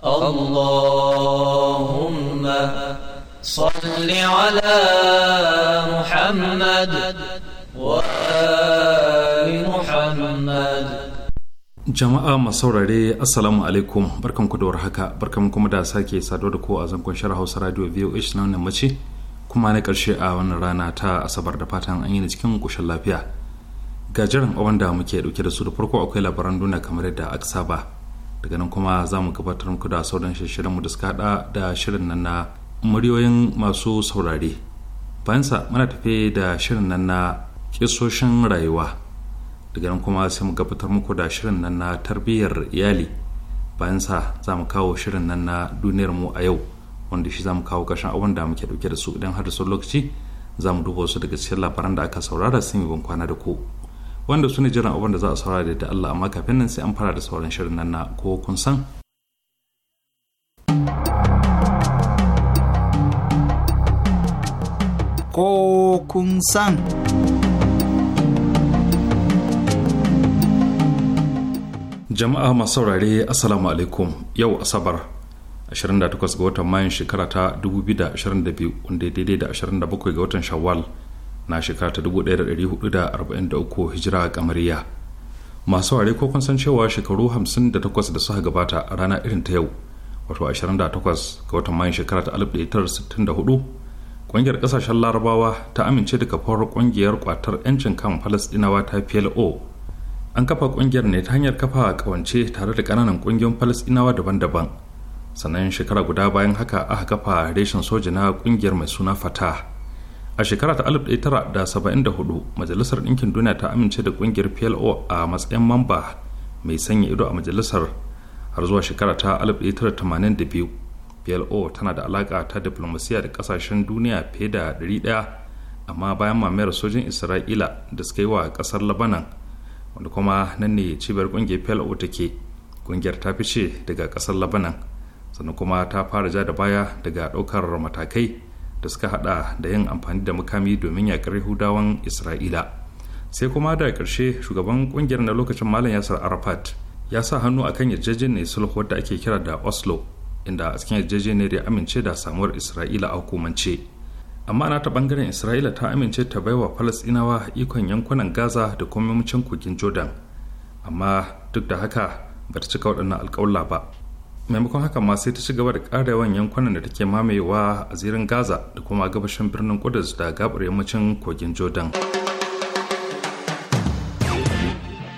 اللهم صل على محمد وآل محمد jama'a masaurare assalamu alaikum barkan ku da warhaka barkan kuma da sake sado da ko a zankon shirin hausa radio voh na wannan mace kuma na karshe a wannan rana ta asabar da fatan an yi cikin kushin lafiya ga jiran da muke dauke da su da farko akwai labaran duna kamar yadda aka saba daga nan kuma za mu gabatar muku da sauran shirin mu da suka hada da shirin nan na muryoyin masu saurare sa muna tafe da shirin nan na kisoshin rayuwa daga nan kuma sai mu gabatar muku da shirin nan na tarbiyyar iyali bayan sa za mu kawo shirin nan na duniyar mu a yau wanda shi za mu kawo ƙarshen abin da muke dauke da su idan har da sun lokaci za mu duba wasu daga cikin labaran da aka saurara sun yi kwana da ku wanda su ne jiran abin da za a saurara da Allah amma kafin nan sai an fara da sauran shirin nan na ko kun san. Ko kun san. Jama'a masu saurare Assalamu alaikum yau Asabar 28 ga watan Mayun shekara ta 2022 wanda daidai da 27 ga watan Shawwal na shekara ta 1443 hijira kamariya masu ware ko kun san cewa shekaru 58 da suka gabata a rana irin ta yau wato 28 ga watan mayan shekara ta 1964 ƙungiyar kasashen larabawa ta amince da kafar kungiyar kwatar 'yancin kan falastinawa ta plo an kafa ƙungiyar ne ta hanyar kafa kawance tare da ƙananan ƙungiyoyin falastinawa daban-daban sannan shekara guda bayan haka aka kafa reshen soja na ƙungiyar mai suna fatah a shekara ta 1974 majalisar ɗinkin duniya ta amince da ƙungiyar plo a matsayin mamba mai sanya ido a majalisar har zuwa shekara ta 1982 plo tana da alaƙa ta diplomasiya da ƙasashen duniya fiye da 100 amma bayan mamayar sojin isra'ila da suka yi wa ƙasar labanan wanda kuma nan ne cibiyar ƙungiyar plo take ƙungiyar ta fice daga ƙasar labanan sannan kuma ta fara ja da baya daga ɗaukar matakai da suka hada da yin amfani da makami domin yakar yahudawan isra'ila sai kuma da ƙarshe shugaban kungiyar na lokacin malam yasar arafat ya sa hannu akan ne sulhu wadda ake kira da oslo inda a cikin ne ya amince da samuwar isra'ila a hukumance amma na ta bangaren isra'ila ta amince ta baiwa falasɗinawa ikon yankunan gaza da kuma kogin jordan amma duk da haka bata cika waɗannan alƙawla ba maimakon haka ma sai ta ci gaba da ƙara yawan yankunan da take mamayewa a zirin gaza da kuma gabashin birnin kudus da gabar yammacin kogin jordan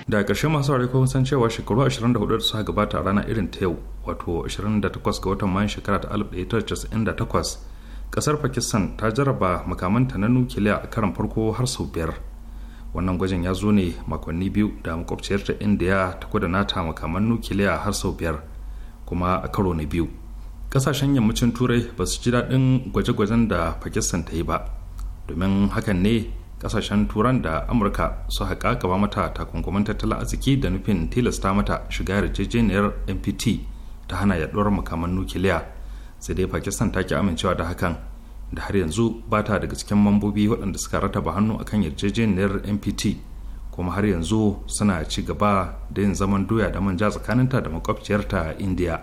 da ƙarshe masu aure kuma san cewa shekaru 24 da suka gabata a rana irin ta yau wato 28 ga watan mayan shekara ta 1998 ƙasar pakistan ta jarraba makamanta na nukiliya a karan farko har sau biyar wannan gwajin ya zo ne makonni biyu da makwabciyar ta indiya ta ta makaman nukiliya har sau biyar kuma a karo na biyu kasashen yammacin turai ba su ji daɗin gwaje-gwajen da pakistan ta yi ba domin hakan ne kasashen turan da amurka su haƙa gaba mata takunkumin tattalin arziki da nufin tilasta mata shiga yarjejeniyar npt ta hana yaɗuwar makaman nukiliya sai dai pakistan ta ki amincewa da hakan da har yanzu ba ta daga cikin mambobi waɗanda suka rataba hannu akan yarjejeniyar npt kuma har yanzu suna ci gaba da yin zaman doya da manja tsakaninta da makwabciyarta india.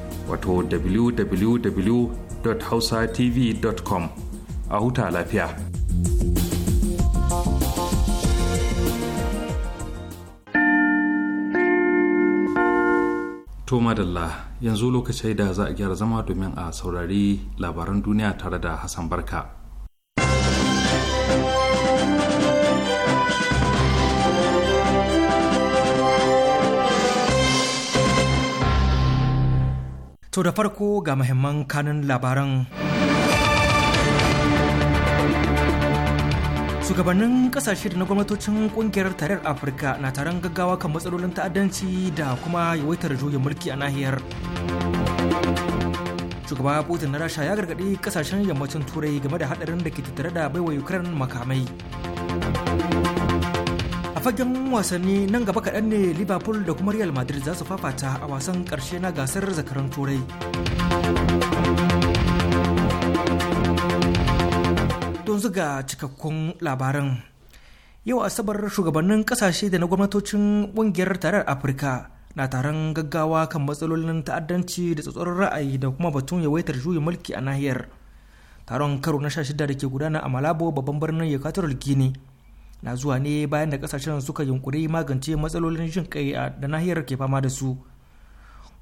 wato www.hausatv.com a huta lafiya. Toma Dalla yanzu lokacin da za a gyara zama domin a saurari labaran duniya tare da Hassan Barka. To da farko ga mahimman kanun labaran. Shugabannin kasashe da na gwamnatocin kungiyar tarayyar Afirka na taron gaggawa kan matsalolin ta'addanci da kuma yawaitar juyin mulki a nahiyar. Shugaba Putin na Rasha ya gargaɗi kasashen yammacin Turai game da haɗarin da ke tattare da baiwa Ukraine makamai. fagen wasanni nan gaba kaɗan ne liverpool da kuma real madrid za su fafata a wasan ƙarshe na gasar zakaran turai don zuga cikakkun labaran yau asabar shugabannin ƙasashe da na gwamnatocin ƙungiyar tarar afirka na taron gaggawa kan matsalolin ta'addanci da tsatsorin ra'ayi da kuma batun yawaitar juyin mulki a nahiyar taron karo na 16 da ke gudana a malabo babban birnin yekatoral gini. na zuwa ne bayan da kasashen suka yunkuri magance matsalolin jin kai da nahiyar ke fama da su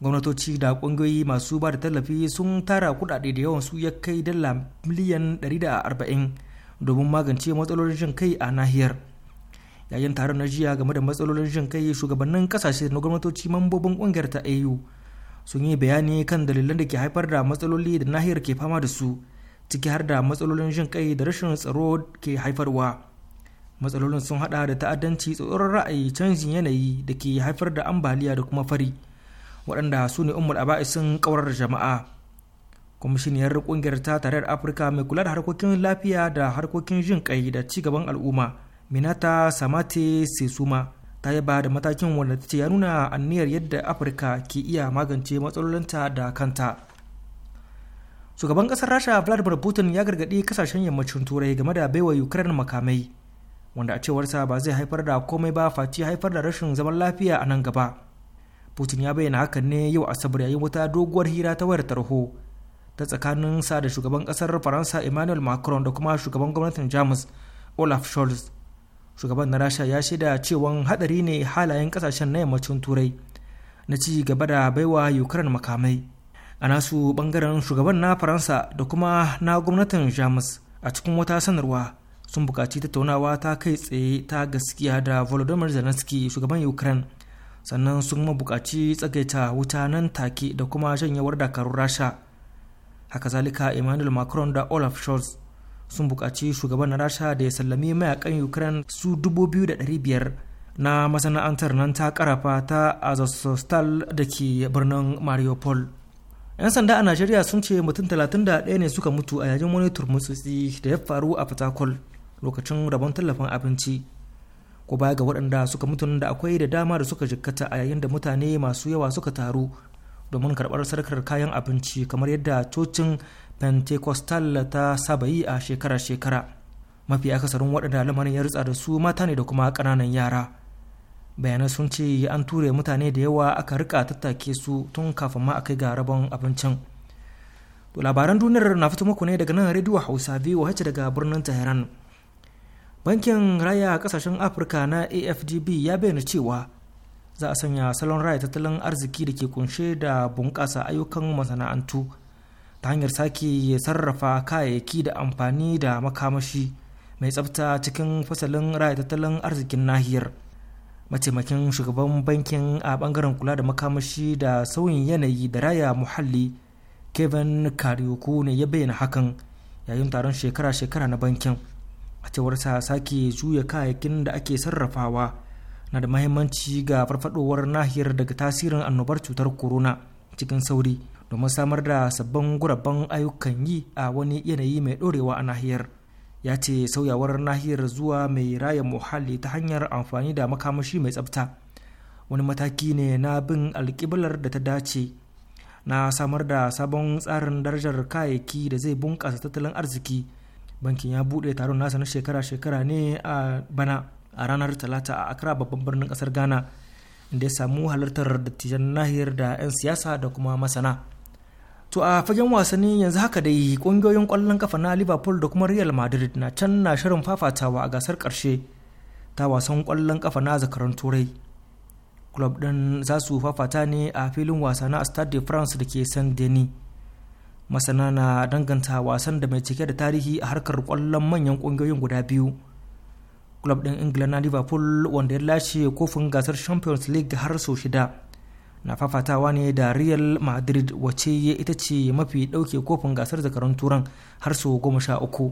gwamnatoci da kungiyoyi masu ba da tallafi sun tara kudade da yawan su ya kai dala miliyan 140 domin magance matsalolin jin kai a nahiyar yayin taron na jiya game da matsalolin jin kai shugabannin kasashe na gwamnatoci mambobin kungiyar ta au sun yi bayani kan dalilan da ke haifar da matsaloli da nahiyar ke fama da su ciki har da matsalolin jin kai da rashin tsaro ke haifarwa matsalolin sun hada da ta'addanci tsoron ra'ayi canjin yanayi da ke haifar da ambaliya da kuma fari waɗanda su ne aba'i sun kaurar jama'a kwamishiniyar kungiyar ta tarayyar afirka mai kula da harkokin lafiya da harkokin jin kai da ci gaban al'umma minata samate sesuma ta yaba da matakin wanda ta ce ya nuna anniyar yadda afirka ke iya magance matsalolinta da kanta shugaban kasar rasha vladimir putin ya gargadi kasashen yammacin turai game da baiwa ukraine makamai wanda a cewarsa ba zai haifar da komai ba face haifar da rashin zaman lafiya a nan gaba putin ya bayyana hakan ne yau asabar yayin wata doguwar hira ta wayar tarho ta tsakanin sa da shugaban kasar faransa emmanuel macron da kuma shugaban gwamnatin jamus olaf scholz shugaban na rasha ya shaida cewa hadari ne halayen kasashen na yammacin turai na ci gaba da baiwa ukraine makamai a nasu bangaren shugaban na faransa da kuma na gwamnatin jamus a cikin wata sanarwa sun bukaci tattaunawa ta kai tsaye ta gaskiya da volodymyr zelensky shugaban ukraine sannan sun bukaci tsagaita wuta nan take da kuma shanyewar dakarun rasha haka zalika emmanuel macron da olaf scholz sun bukaci shugaban rasha da ya sallami mayakan ukraine su 2,500 na masana'antar nan ta karafa ta azazostal da ke birnin mariupol 'yan sanda a najeriya sun ce mutum 31 ne suka mutu a yayin wani turmutsutsi da ya faru a fatakol lokacin rabon tallafin abinci ko baya ga waɗanda suka mutu da akwai da dama da suka jikkata a yayin da mutane masu yawa suka taru domin karɓar sarkar kayan abinci kamar yadda cocin pentecostal ta saba yi a shekara-shekara mafi akasarin waɗanda lamarin ya ritsa da su mata ne da kuma ƙananan yara bayanai sun ce an ture mutane da yawa aka rika tattake su tun kafin ma a kai ga rabon abincin labaran duniyar na fito muku ne daga nan rediyo hausa voh daga birnin tehran bankin raya a kasashen afirka na afdb ya bayyana cewa za a sanya salon raya tattalin arziki da ke kunshe da bunƙasa ayyukan masana'antu ta hanyar sake sarrafa kayayyaki da amfani da makamashi mai tsafta cikin fasalin raya tattalin arzikin nahiyar mataimakin shugaban bankin a bangaren kula da makamashi da sauyin yanayi da raya muhalli kevin karyoku ne ya bayyana hakan yayin taron shekara-shekara na bankin a cewar sa sake juya kayayyakin da ake sarrafawa na da mahimmanci ga farfadowar nahiyar daga tasirin annobar cutar corona cikin sauri domin samar da sabbin guraben ayyukan yi a wani yanayi mai dorewa a nahiyar ya ce sauyawar nahiyar zuwa mai raya muhalli ta hanyar amfani da makamashi mai tsabta wani mataki ne na bin alkiblar da ta dace na samar da sabon tsarin darajar kayayyaki da zai bunƙasa tattalin arziki bankin ya buɗe taron nasa na shekara-shekara ne a bana a ranar talata a akra babban birnin kasar ghana inda ya samu halartar dattijan nahiyar da 'yan siyasa da kuma masana to a fagen wasanni yanzu haka dai ƙungiyoyin kwallon kafa na liverpool da kuma real madrid na can na shirin fafatawa a gasar karshe ta wasan kwallon kafa na zakaran turai club din za su fafata ne a filin wasa na stade de france da ke saint denis masana na danganta wasan da mai cike da tarihi a harkar kwallon manyan ƙungiyoyin guda biyu club ɗin ingila na liverpool wanda ya lashe kofin gasar champions league har sau shida na fafatawa ne da real madrid wace ita ce mafi ɗauke kofin gasar zakarun turan har sau goma sha uku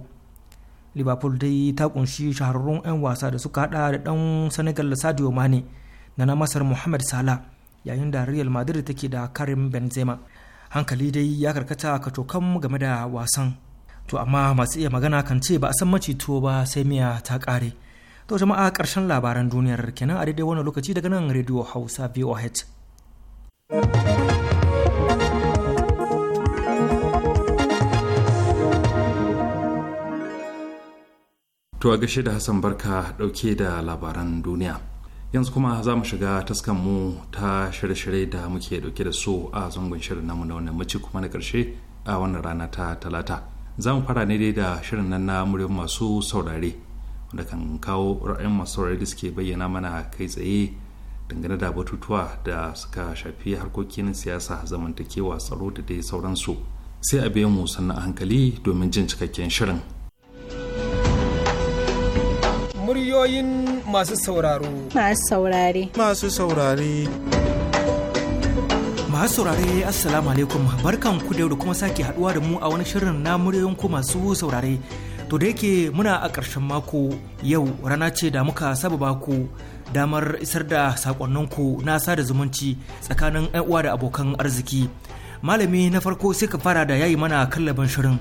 liverpool dai ta kunshi shahararrun 'yan wasa da suka hada da ɗan senegal sadio mane da na masar mohamed salah yayin da real madrid take da karim benzema hankali dai ya karkata ka tokan game da wasan to amma masu iya magana kan ce ba a san macito ba sai miya ta kare to jama'a karshen labaran duniyar kenan a daidai wani lokaci daga nan rediyo hausa voh To a gashe da Hassan Barka dauke da labaran duniya. yanzu kuma za mu shiga taskan mu ta shirye-shirye da muke dauke da su a zangon shirin namu na wannan mace kuma na karshe a wannan rana ta talata za mu fara ne dai da shirin nan na muryar masu saurare wanda kan kawo ra'ayin masu saurare da suke bayyana mana kai tsaye dangane da batutuwa da suka shafi harkokin siyasa zamantakewa tsaro da dai sauransu sai a biya mu sannan hankali domin jin cikakken shirin muryoyin masu sauraro. Masu saurare. Masu saurare. masu saurare assalamu alaikum barkan ku da kuma sake haduwa da mu a wani shirin na muryoyin ku masu saurare to da yake muna a ƙarshen mako yau rana ce da muka saba ku damar isar da sakonninku na sada zumunci tsakanin uwa da abokan arziki malami na farko sai ka fara da yayi mana kallaban shirin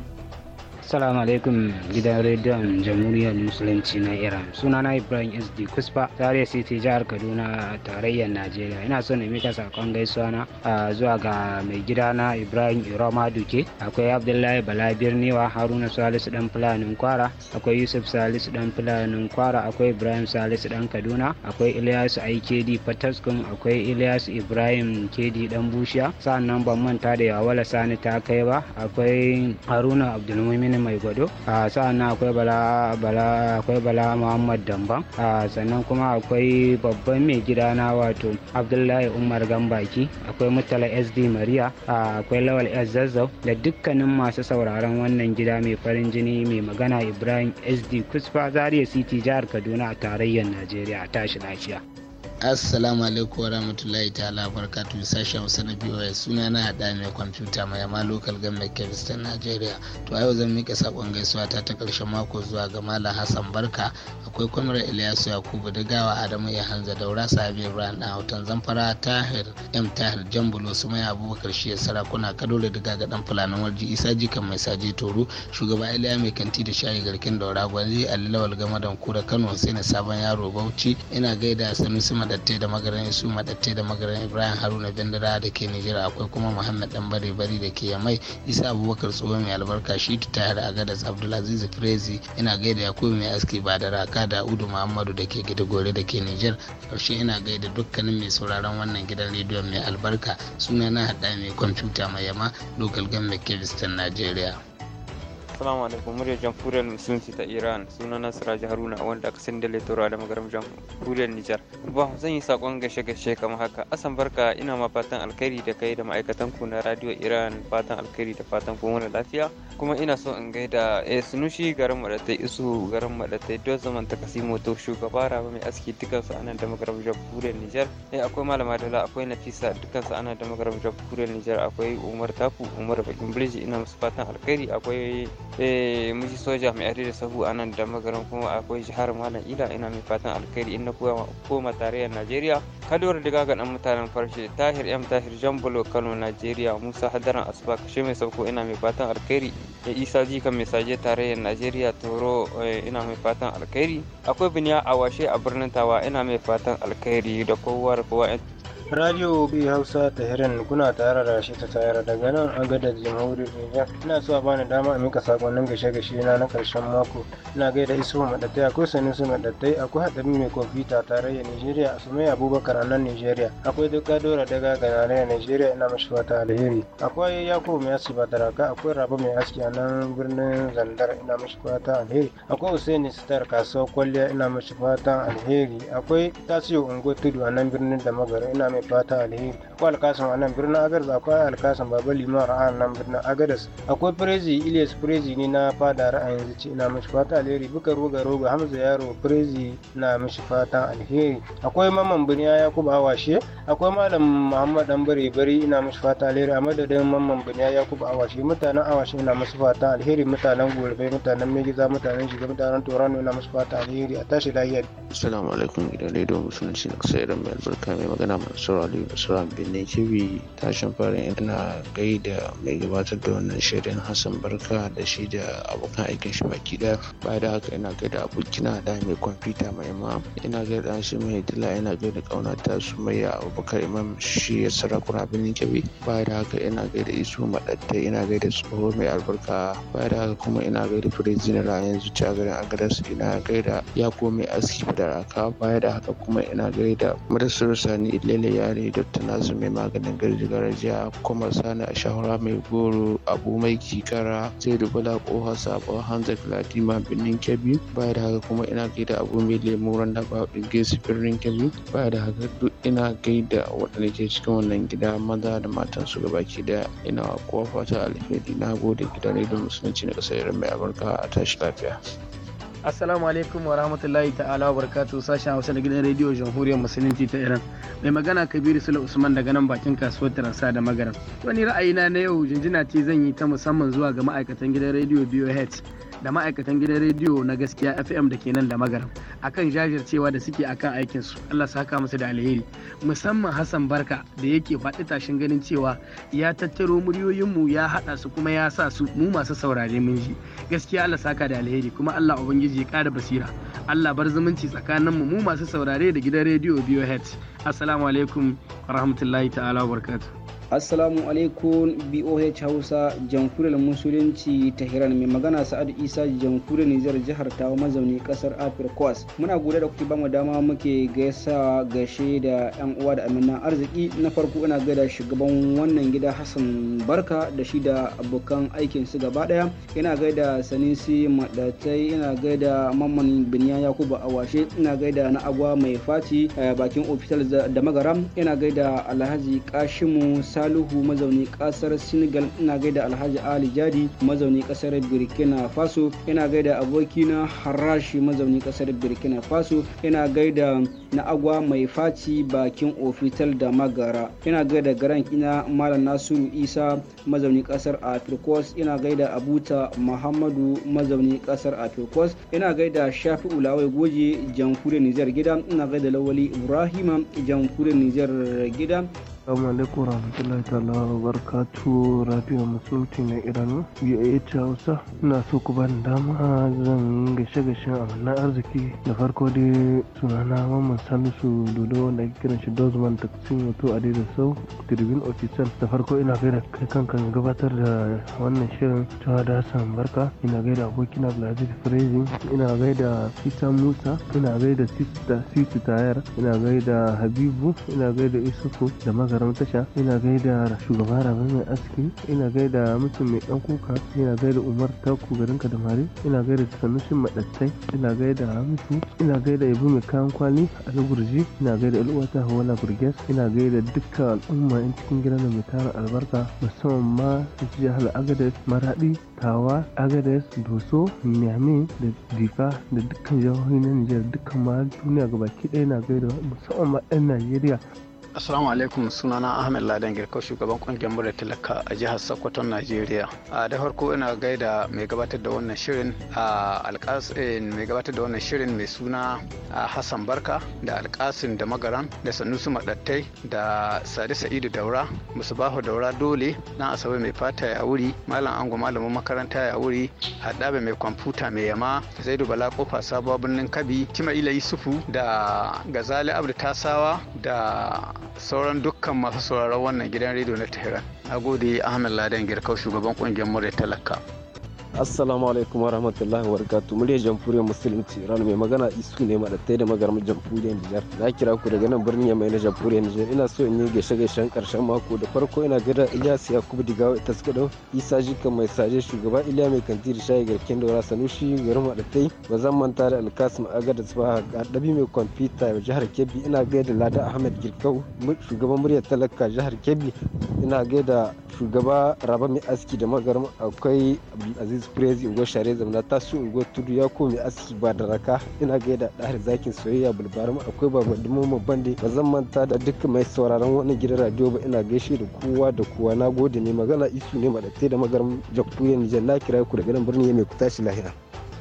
Assalamu alaikum gidan rediyon jamhuriyar musulunci na Iran. Sunana Ibrahim SD Kuspa, Zaria City jihar Kaduna tarayyar Najeriya. Ina so na mika sakon gaisuwa na zuwa ga mai gida na Ibrahim Iroma Duke, akwai Abdullahi Bala Birniwa, Haruna Salisu dan Fulanin Kwara, akwai Yusuf Salisu dan Fulanin Kwara, akwai Ibrahim Salisu dan Kaduna, akwai ilyas IKD Fataskun, akwai ilyas Ibrahim kedi dan Bushiya. sannan ban manta da Yawala Sani ta kai ba, akwai Haruna Abdulmumin sani mai gwado sa'an nan akwai bala bala akwai bala muhammad damban sannan kuma akwai babban mai gida na wato abdullahi umar gambaki akwai mutala sd maria akwai lawal s zazzau da dukkanin masu sauraron wannan gida mai farin jini mai magana ibrahim sd kusfa zaria city jihar kaduna a tarayyar najeriya a tashi lafiya assalamu alaikum wa rahmatullahi ta'ala barkatu sashen hausa na biyu suna na haɗa mai kwamfuta mai lokal gan mai kebistan Najeriya. to a yau zan miƙa saƙon gaisuwa ta ta ƙarshen mako zuwa ga malam hassan barka akwai kwamar ilyasu yakubu gawa adamu ya hanza daura sabi ibrahim a hautan zamfara tahir m tahir jan su mai abubakar shi ya sarakuna kadore daga ga dan fulanin warji isa jikan mai saje toro shugaba iliya mai kanti da shayi garkin daura gwanzi alilawal gamadan kura kano sai na sabon yaro bauchi ina gaida sanusi madatte da magaran su madatte da magaran ibrahim haruna bindira da ke nijar akwai kuma muhammad dan bare bari da ke yamai isa abubakar tsohon mai albarka shi ta tayar a gadas abdulaziz prezi ina gaida ya kuma mai aski ba da raka da udu muhammadu da ke gida gore da ke nijar karshe ina gaida dukkanin mai sauraron wannan gidan rediyon mai albarka suna na hada mai kwamfuta mai yama local government kevistan nigeria Assalamu alaikum muryar jamhuriyar musulunci ta Iran suna Nasira Haruna wanda aka sanda letora da magaram jamhuriyar Nijar. Ba zan yi sakon gashe gashe kamar haka. Asan barka ina ma fatan alkhairi da kai da ma'aikatan ku na radio Iran fatan alkhairi da fatan ku mana lafiya. Kuma ina so in gaida eh Sunushi garin Madatai Isu garin Madatai don zaman ta kasi moto shugaba Rabi mai aski dukkan su anan da magaram jamhuriyar Nijar. Eh akwai Malama Dala akwai Nafisa dukkan su anan da magaram jamhuriyar Nijar akwai Umar Taku Umar Bakin Bridge ina musu fatan alkhairi akwai Eh, mun ji soja mai da sahu a nan da magaran kuma akwai jihar malam ila ina mai fatan alkhairi inda kuwa koma tarayyar najeriya kaduwar diga ga dan mutanen farshe tahir m tahir jambulo kano najeriya musa hadaran asuba kashe mai sauko ina mai fatan alkhairi da isa ji mai saje tarayyar najeriya toro eh, ina mai fatan alkhairi akwai biniya a washe a birnin tawa ina mai fatan alkhairi da kowa kowa radio bi hausa tahiran kuna tara da shi ta tayar daga nan an gada jamhuriyar nijar ina so a bani dama a mika sakonnin gashe-gashe na na karshen mako ina gaida iso madattai akwai sanusu madattai akwai haɗari mai kwamfuta da Nijeriya a sumai abubakar a nan Nijeriya. akwai duk gadora daga na Nijeriya. ina mashi fata alheri akwai yakubu mai aski badaraka akwai rabu mai aski a nan birnin zandar ina mashi fata alheri akwai hussein sitar kasuwar kwalliya ina mashi fata alheri akwai tasiyo ungo tudu a nan birnin da ina mai fata alheri akwai alkasan anan birnin agadas akwai alkasan baba limar a nan birnin agadas akwai firezi ilias firezi ne na fada ra'ayin zuci ina mashi fata alheri buka roga roga hamza yaro firezi na mashi fata alheri akwai maman ya yakubu awashe akwai malam muhammad dan bare bari ina mashi fata alheri a madadin maman buniya yakubu awashe mutanen awashe ina masu fata alheri mutanen gurbe mutanen megiza mutanen shiga mutanen torano ina masu fata alheri a tashi lahiyar. assalamu alaikum gidan rediyo musulunci na kusa iran mai albarka mai magana masu Mansur Aliyu Basura Benin Kibi tashin farin ina gaida mai gabatar da wannan shirin Hassan Barka da shi da abokan aikin shi baki daya. Baya da haka ina gaida abokina da mai kwamfuta mai ma ina gaida shi mai dila ina gaida kaunata Sumayya abokan Imam shi ya sarakuna Benin Kibi. Baya da haka ina gaida Isu Madatta ina gaida tsoho mai albarka. Baya da haka kuma ina gaida Firizina yanzu ci a garin Agadas ina gaida ya mai aski da aka Baya da haka kuma ina gaida Madasar Sani Ilele yare dr nasu mai maganin gargajiya kuma sani a shahara mai goro abu mai kikara sai dubula koha sabon hanza ma birnin kebbi baya da haka kuma ina gaida abu mai lemu randa ba gaisu birnin kebbi baya da haka duk ina gaida waɗanda ke cikin wannan gida maza da matan su baki daya ina kowa fata alheri na gode gidan rediyon musulunci na ƙasar mai amurka a tashi lafiya. Assalamu alaikum wa rahmatullahi ta'ala wa barakatuhu sashen Hausa da gidan rediyo Jamhuriyar Musulunci ta Iran. Mai magana Kabiru Sula Usman daga nan bakin kasuwar Taransa da Magaran. Wani ra'ayina na yau jinjina ce zan yi ta musamman zuwa ga ma'aikatan gidan rediyo BOH da ma'aikatan gidan rediyo na gaskiya fm da ke nan da magaram akan jajircewa da suke akan aikinsu allah saka musu da alheri musamman hassan barka da yake faɗi tashin ganin cewa ya tattaro muryoyinmu ya haɗa su kuma ya sa su mu masu saurare mun ji gaskiya allah saka da alheri kuma allah ubangiji ya ƙara basira allah bar zumunci tsakaninmu mu masu saurare da gidan rediyo biyo assalamu alaikum rahmatullahi ta'ala wa barakatuh assalamu alaikum boh hausa jamhuriyar musulunci ta hiran mai magana sa'adu isa jamhuriyar nijar jihar ta mazauni kasar afirkos muna gode da kuke ba mu dama muke gaisawa gaishe da yan uwa da amina arziki na farko ina gaida shugaban wannan gida hassan barka da shi da abokan aikin su gaba daya ina gaida sanisi madatai ina gaida mamman biniya yakubu awashe ina gaida na agwa mai faci eh, bakin ofital da magaram ina gaida alhaji kashimu Salihu mazauni kasar Senegal ina gaida Alhaji Ali Jadi mazauni kasar Burkina Faso ina gaida abokina Harashi mazauni kasar Burkina Faso ina gaida na agwa mai faci bakin ofital da magara ina gaida garan ina malam nasiru isa mazauni kasar afirkos ina gaida abuta muhammadu mazauni kasar afirkos ina gaida shafi ulawai goje jamhuriyar nijar gida ina gaida lawali ibrahima jamhuriyar nijar gida Assalamu alaikum warahmatullahi ta'ala wa barakatu radio musulti na Iran BAH Hausa ina so ku bani dama zan gashe gashe amanna arziki da farko dai sunana Mamman Salisu Dodo wanda ake kiran shi Dozman Taksim wato a da sau Tribune Official da farko ina gaida kai kanka gabatar da wannan shirin ta da Hassan Barka ina gaida abokina Abdulaziz Frezi ina gaida Sita Musa ina gaida Sita Tayar ina gaida Habibu ina gaida Isufu da maza magaran tasha ina gaida shugaba rabe mai aski ina gaida mutum mai dan kuka ina gaida umar taku garin kadamari ina gaida sanushin madattai ina gaida hamisu ina gaida ibu mai kayan kwali a lagurji ina gaida al'uwata hawala burges ina gaida duka al'umma yan cikin gidan mai tara albarka musamman ma jihar agades maradi tawa agades doso miamin da difa da dukkan jihohi na nijar dukkan ma duniya gabaki ɗaya na gaida musamman ma 'yan najeriya Assalamu alaikum sunana Ahmed Ladan Girkau shugaban kungiyar murar talaka a jihar Sokoto Najeriya. A da farko ina gaida mai gabatar da wannan shirin a alƙasin eh, mai gabatar da wannan shirin mai suna a Hassan Barka da alƙasin da magaran da Sanusi Madattai da Sadi Sa'idu Daura Bahu Daura Dole na Asabe mai fata ya wuri Malam Ango malamin makaranta ya wuri Haɗabe mai kwamfuta mai yama Zaidu Bala kofa sabuwa birnin Kabi Kima Ila Yusufu da Gazali Abdu Tasawa da sauran dukkan masu sauraron wannan gidan rediyo na Tehran. a gode Ahmed ladan Girkau shugaban kungiyar Murya Talaka. assalamu alaikum wa rahmatullahi wa barakatu muryar jamhuriyar musulunci iran mai magana isu ne madattai da magarmar jamhuriyar nijar na kira ku daga nan birnin yamai na jamhuriyar nijar ina so in yi gaishe gaishen karshen mako da farko ina da ilyas yakubu digawa ita suka isa jika mai saje shugaba iliya mai kantiri shayi garken daura sanushi garin madattai ba zan manta da alkasim aga da a dabi mai kwamfuta a jihar kebbi ina gaida lada ahmed girkau shugaban muryar talaka jihar kebbi ina gaida shugaba rabami aski da magarmar akwai Abdulaziz isprezi ungo share ta tasu ungo tudu ya komi aski ba da raka ina gaida dare zakin soyayya bulbarma akwai dimo mu bande ba zan manta da duk mai sauraron wannan gidan radio ba ina gaishe da kowa da kowa na gode ne magana isu ne maɗatai da magaram jakkuyen nijar na kira ku da ganin birni mai ku tashi lahira.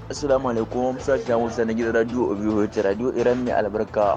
Assalamu alaikum sashen Hausa na gidan radio OVH radio Iran mai albarka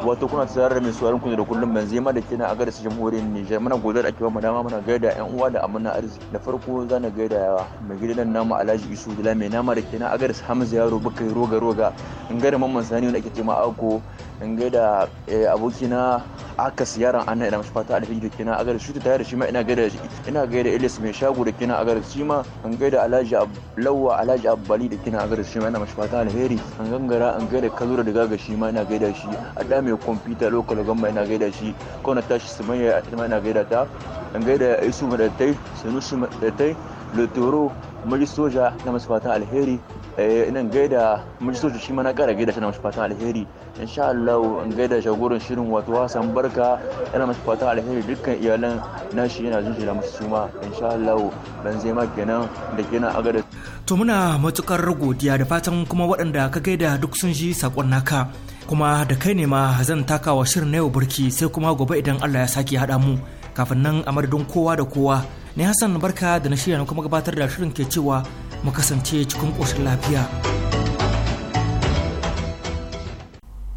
wato kuna tsayar da mai suwarin ku da kullum zai da kina a gadar jamhuriyar Nijar muna godar a kiwa madama mana gaida yan uwa da amana arziki da farko za na gaida yawa gida nan namu Alhaji Isu Dila mai nama da kina a gadar Hamza Yaro kai Roga Roga in gada mamman Sani wanda ake ma Ako in gaida eh, abokina aka siyaran an ina masu fata alfin da kina agar shi ta da shi ma ina gaida shi ina gaida Ilyas mai shago da kina agar shi ma an gaida Alhaji Lawa Alhaji Abbali da kina agar shi ma ina mashi fata alheri an gangara an gaida Kazura da gaga shi ma ina gaida shi a da mai kwamfuta lokal gamba ina gaida shi kona tashi sumayya a ma ina gaida ta an gaida Isu madatai Sanusi madatai Lotoro Maji Soja na masu fata alheri Eh, ina gaida majistoci shi mana kara gaida shi na mashi fatan alheri insha Allah in gaida shagorin shirin wato Hassan Barka yana mashi fatan alheri dukkan iyalan nashi yana a masu suma insha Allah ban zai ma kenan da kenan agada to muna matukar godiya da fatan kuma waɗanda ka gaida duk sun ji sakon naka kuma da kai ne ma zan takawa shirin na yau burki sai kuma gobe idan Allah ya sake haɗa mu kafin nan a madadin kowa da kowa ne Hassan Barka da na shirya kuma gabatar da shirin ke cewa mu kasance cikin ƙoshin lafiya.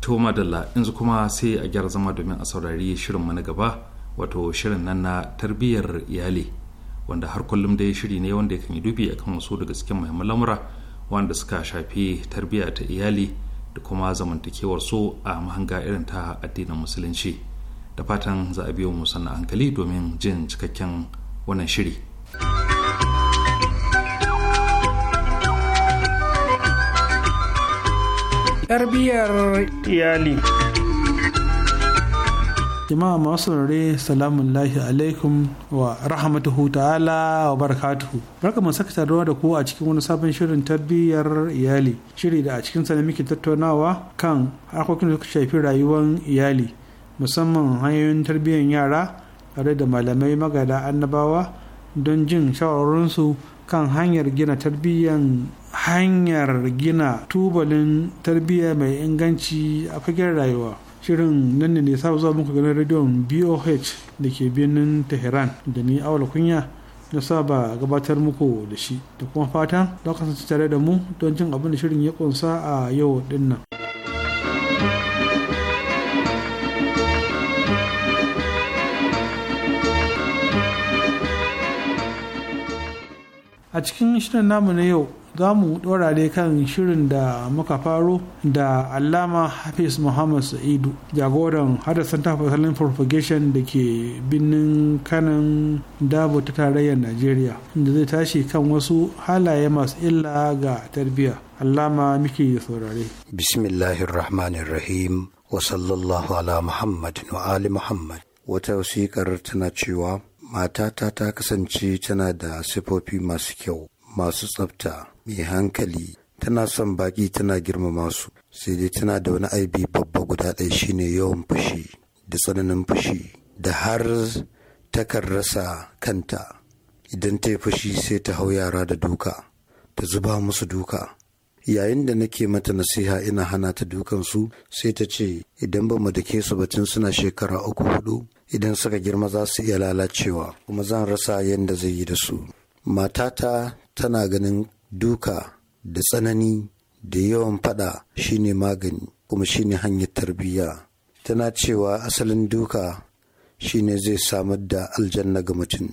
To madalla yanzu kuma sai a gyara zama domin a saurari shirin mana gaba wato shirin nan na tarbiyyar iyali wanda har kullum dai shiri ne wanda kan yi dubi akan wasu daga cikin muhimman lamura wanda suka shafi tarbiyya ta iyali da kuma zamantakewar su a mahanga irin ta addinin musulunci da fatan za a biyo mu sannan hankali domin jin cikakken wannan shiri. tarbiyyar iyali jama'a masu rare salamun lahi alaikum wa rahmatuhu ta'ala wa barakatuhu barka mu saka taruwa da ku a cikin wani sabon shirin tarbiyyar iyali shiri da a cikin sa muke tattaunawa kan harkokin da suka shafi rayuwar iyali musamman hanyoyin tarbiyyar yara tare da malamai magada annabawa don jin shawarwarinsu kan hanyar gina tarbiyyar hanyar gina tubalin tarbiyya mai inganci a fagen rayuwa shirin nan ne saba zuwa muku ganin rediyon boh da ke birnin tehran da ni awal kunya na saba gabatar muku da shi da kuma fatan za kasance tare da mu don jin abin da shirin ya kunsa a yau dinnan. a cikin shirin namu na yau za mu ɗorare kan shirin da muka faro da allama hafiz muhammad sa'idu jagoran hadasan Fasalin propagation da ke birnin kanan dabo ta tarayyar najeriya da zai tashi kan wasu halaye masu illa ga tarbiyya allama muke saurare bismillahirrahmanirrahim wa sallallahu ala muhammadin wa ali muhammad wata wasiƙar tana cewa matata ta kasance tana da sifofi masu kyau masu tsafta mai hankali tana son baƙi tana girmama su sai dai tana da wani aibi babba guda ɗaya shine yawan fushi da tsananin fushi da har takan rasa kanta idan ta yi fushi sai ta hau yara da duka ta zuba musu duka yayin da nake mata nasiha ina hana ta dukan su, sai ta ce idan ba mu dake su batun suna shekara uku hudu idan suka girma za su iya lalacewa kuma zan rasa yadda zai yi da su matata tana ganin duka da tsanani da yawan fada shine magani kuma shine hanyar tarbiyya tana cewa asalin duka shine zai samar da aljanna ga mutum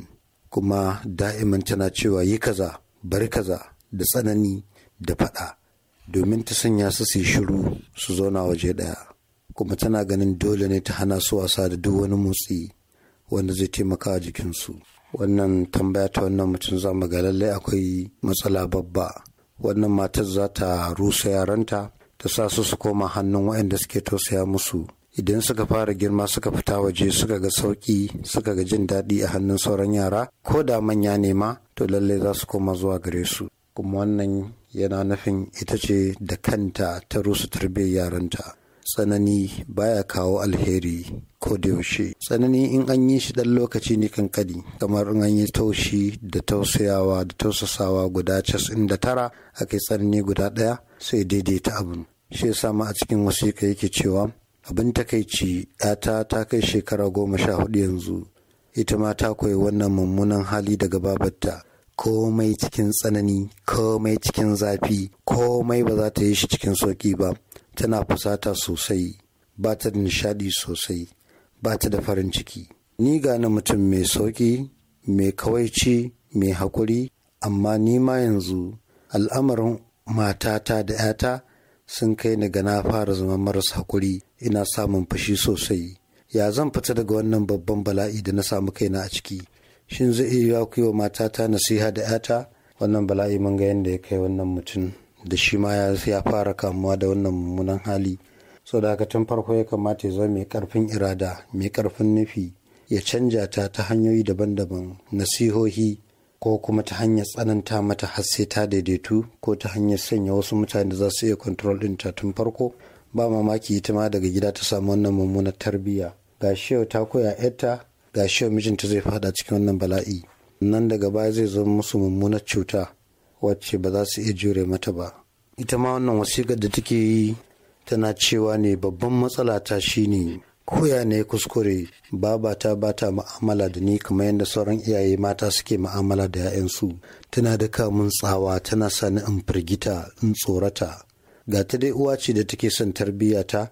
kuma da'iman tana cewa yi kaza bari kaza da tsanani da fada domin ta sanya su su shiru su zauna waje ɗaya kuma tana ganin dole ne ta hana su wasa da duk wani motsi wanda zai taimaka jikin jikinsu wannan tambaya ta wannan mutum za mu ga lallai akwai matsala babba wannan matar za ta rusa yaranta ta sa su su koma hannun waɗanda suke tausaya musu idan suka fara girma suka fita waje suka ga sauki suka ga jin daɗi a hannun sauran yara ko da manya ne ma to lallai za su koma zuwa gare su kuma wannan yana nufin ita ce da kanta ta rusa tarbiyyar yaranta tsanani baya kawo alheri ko da yaushe tsanani in an yi shi dan lokaci ne kankani kamar in an yi taushi da tausayawa da tausasawa guda casin da tara a kai tsanani guda ɗaya sai daidaita abin shi ya ma a cikin wasiƙa yake cewa abin takaici ɗata ta kai shekara goma sha hudu yanzu ita ma ta koyi wannan mummunan hali daga babarta komai cikin tsanani komai cikin zafi komai ba za ta yi shi cikin sauƙi ba tana fusata sosai ba ta da nishadi sosai ba ta da farin ciki ni gane mutum mai sauƙi mai kawaici mai haƙuri amma ni ma yanzu al'amarin matata da 'yata sun kai ni ga na fara zama maras haƙuri ina samun fashi sosai ya zan fita daga wannan babban bala'i da na samu kaina a ciki shin zai iya yi wa matata nasiha da 'yata wannan bala'i mun ga yadda ya kai wannan mutum da shi ma ya fara kamuwa da wannan mummunan hali so da tun farko ya kamata ya zama mai karfin irada mai karfin nufi ya canja ta ta hanyoyi daban-daban nasihohi ko kuma ta hanyar tsananta mata har sai ta daidaitu ko ta hanyar sanya wasu mutane da za su iya kontrol din ta tun farko ba mamaki ita ma daga gida ta samu wannan mummunar tarbiyya ga yau ta koya yarta ga yau mijinta zai fada cikin wannan bala'i nan daga baya zai zo musu mummunar cuta wacce ba za su iya jure mata ba ita ma wannan wasiƙar da take yi tana cewa ne babban matsala ta shine koya ne kuskure babata ba ta ma'amala da ni kamar yadda sauran iyaye mata suke ma'amala da 'ya'yansu tana da kamun tsawa tana sani in firgita in tsorata ga ta dai uwa ce da take son tarbiyya ta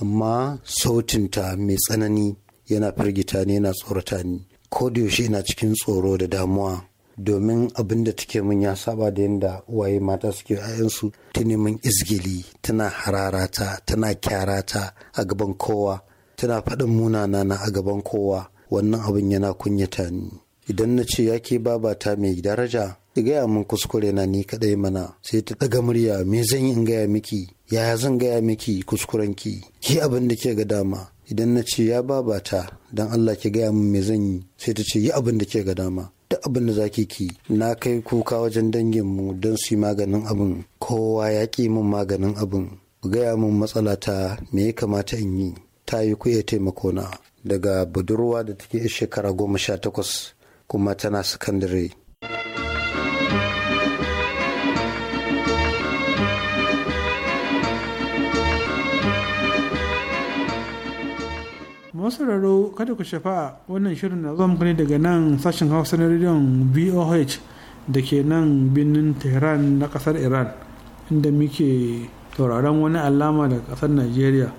amma sautin ta mai tsanani yana firgita ne yana tsorata ni ko da yaushe ina cikin tsoro da damuwa domin abin da take mun ya saba da yadda uwaye mata suke ayansu tuni mun izgili tana hararata tana kyarata a gaban kowa tana faɗin munana na a gaban kowa wannan abin yana kunyata ni idan na ce ya yake babata mai daraja ki gaya min kuskure na ni kaɗai mana sai ta ɗaga murya me zan yi in gaya miki yaya zan gaya miki kuskuren ki ki abin da ke ga dama idan na ce ya babata don Allah ki gaya min me zan yi sai ta ce yi abin da ke ga dama duk abin da zaki ki na kai kuka wajen danginmu don su yi maganin abin kowa ya ƙi min maganin abin ku gaya min matsala ta me ya kamata in yi ta yi ku ya taimako na daga budurwa da take shekara goma sha takwas kuma tana sakandare. masararo kada ku shafa wannan shirin na zuwa muku daga nan sashen hausa na rediyon voh da ke nan birnin tehran na kasar iran inda muke tauraron wani alama da kasar nigeria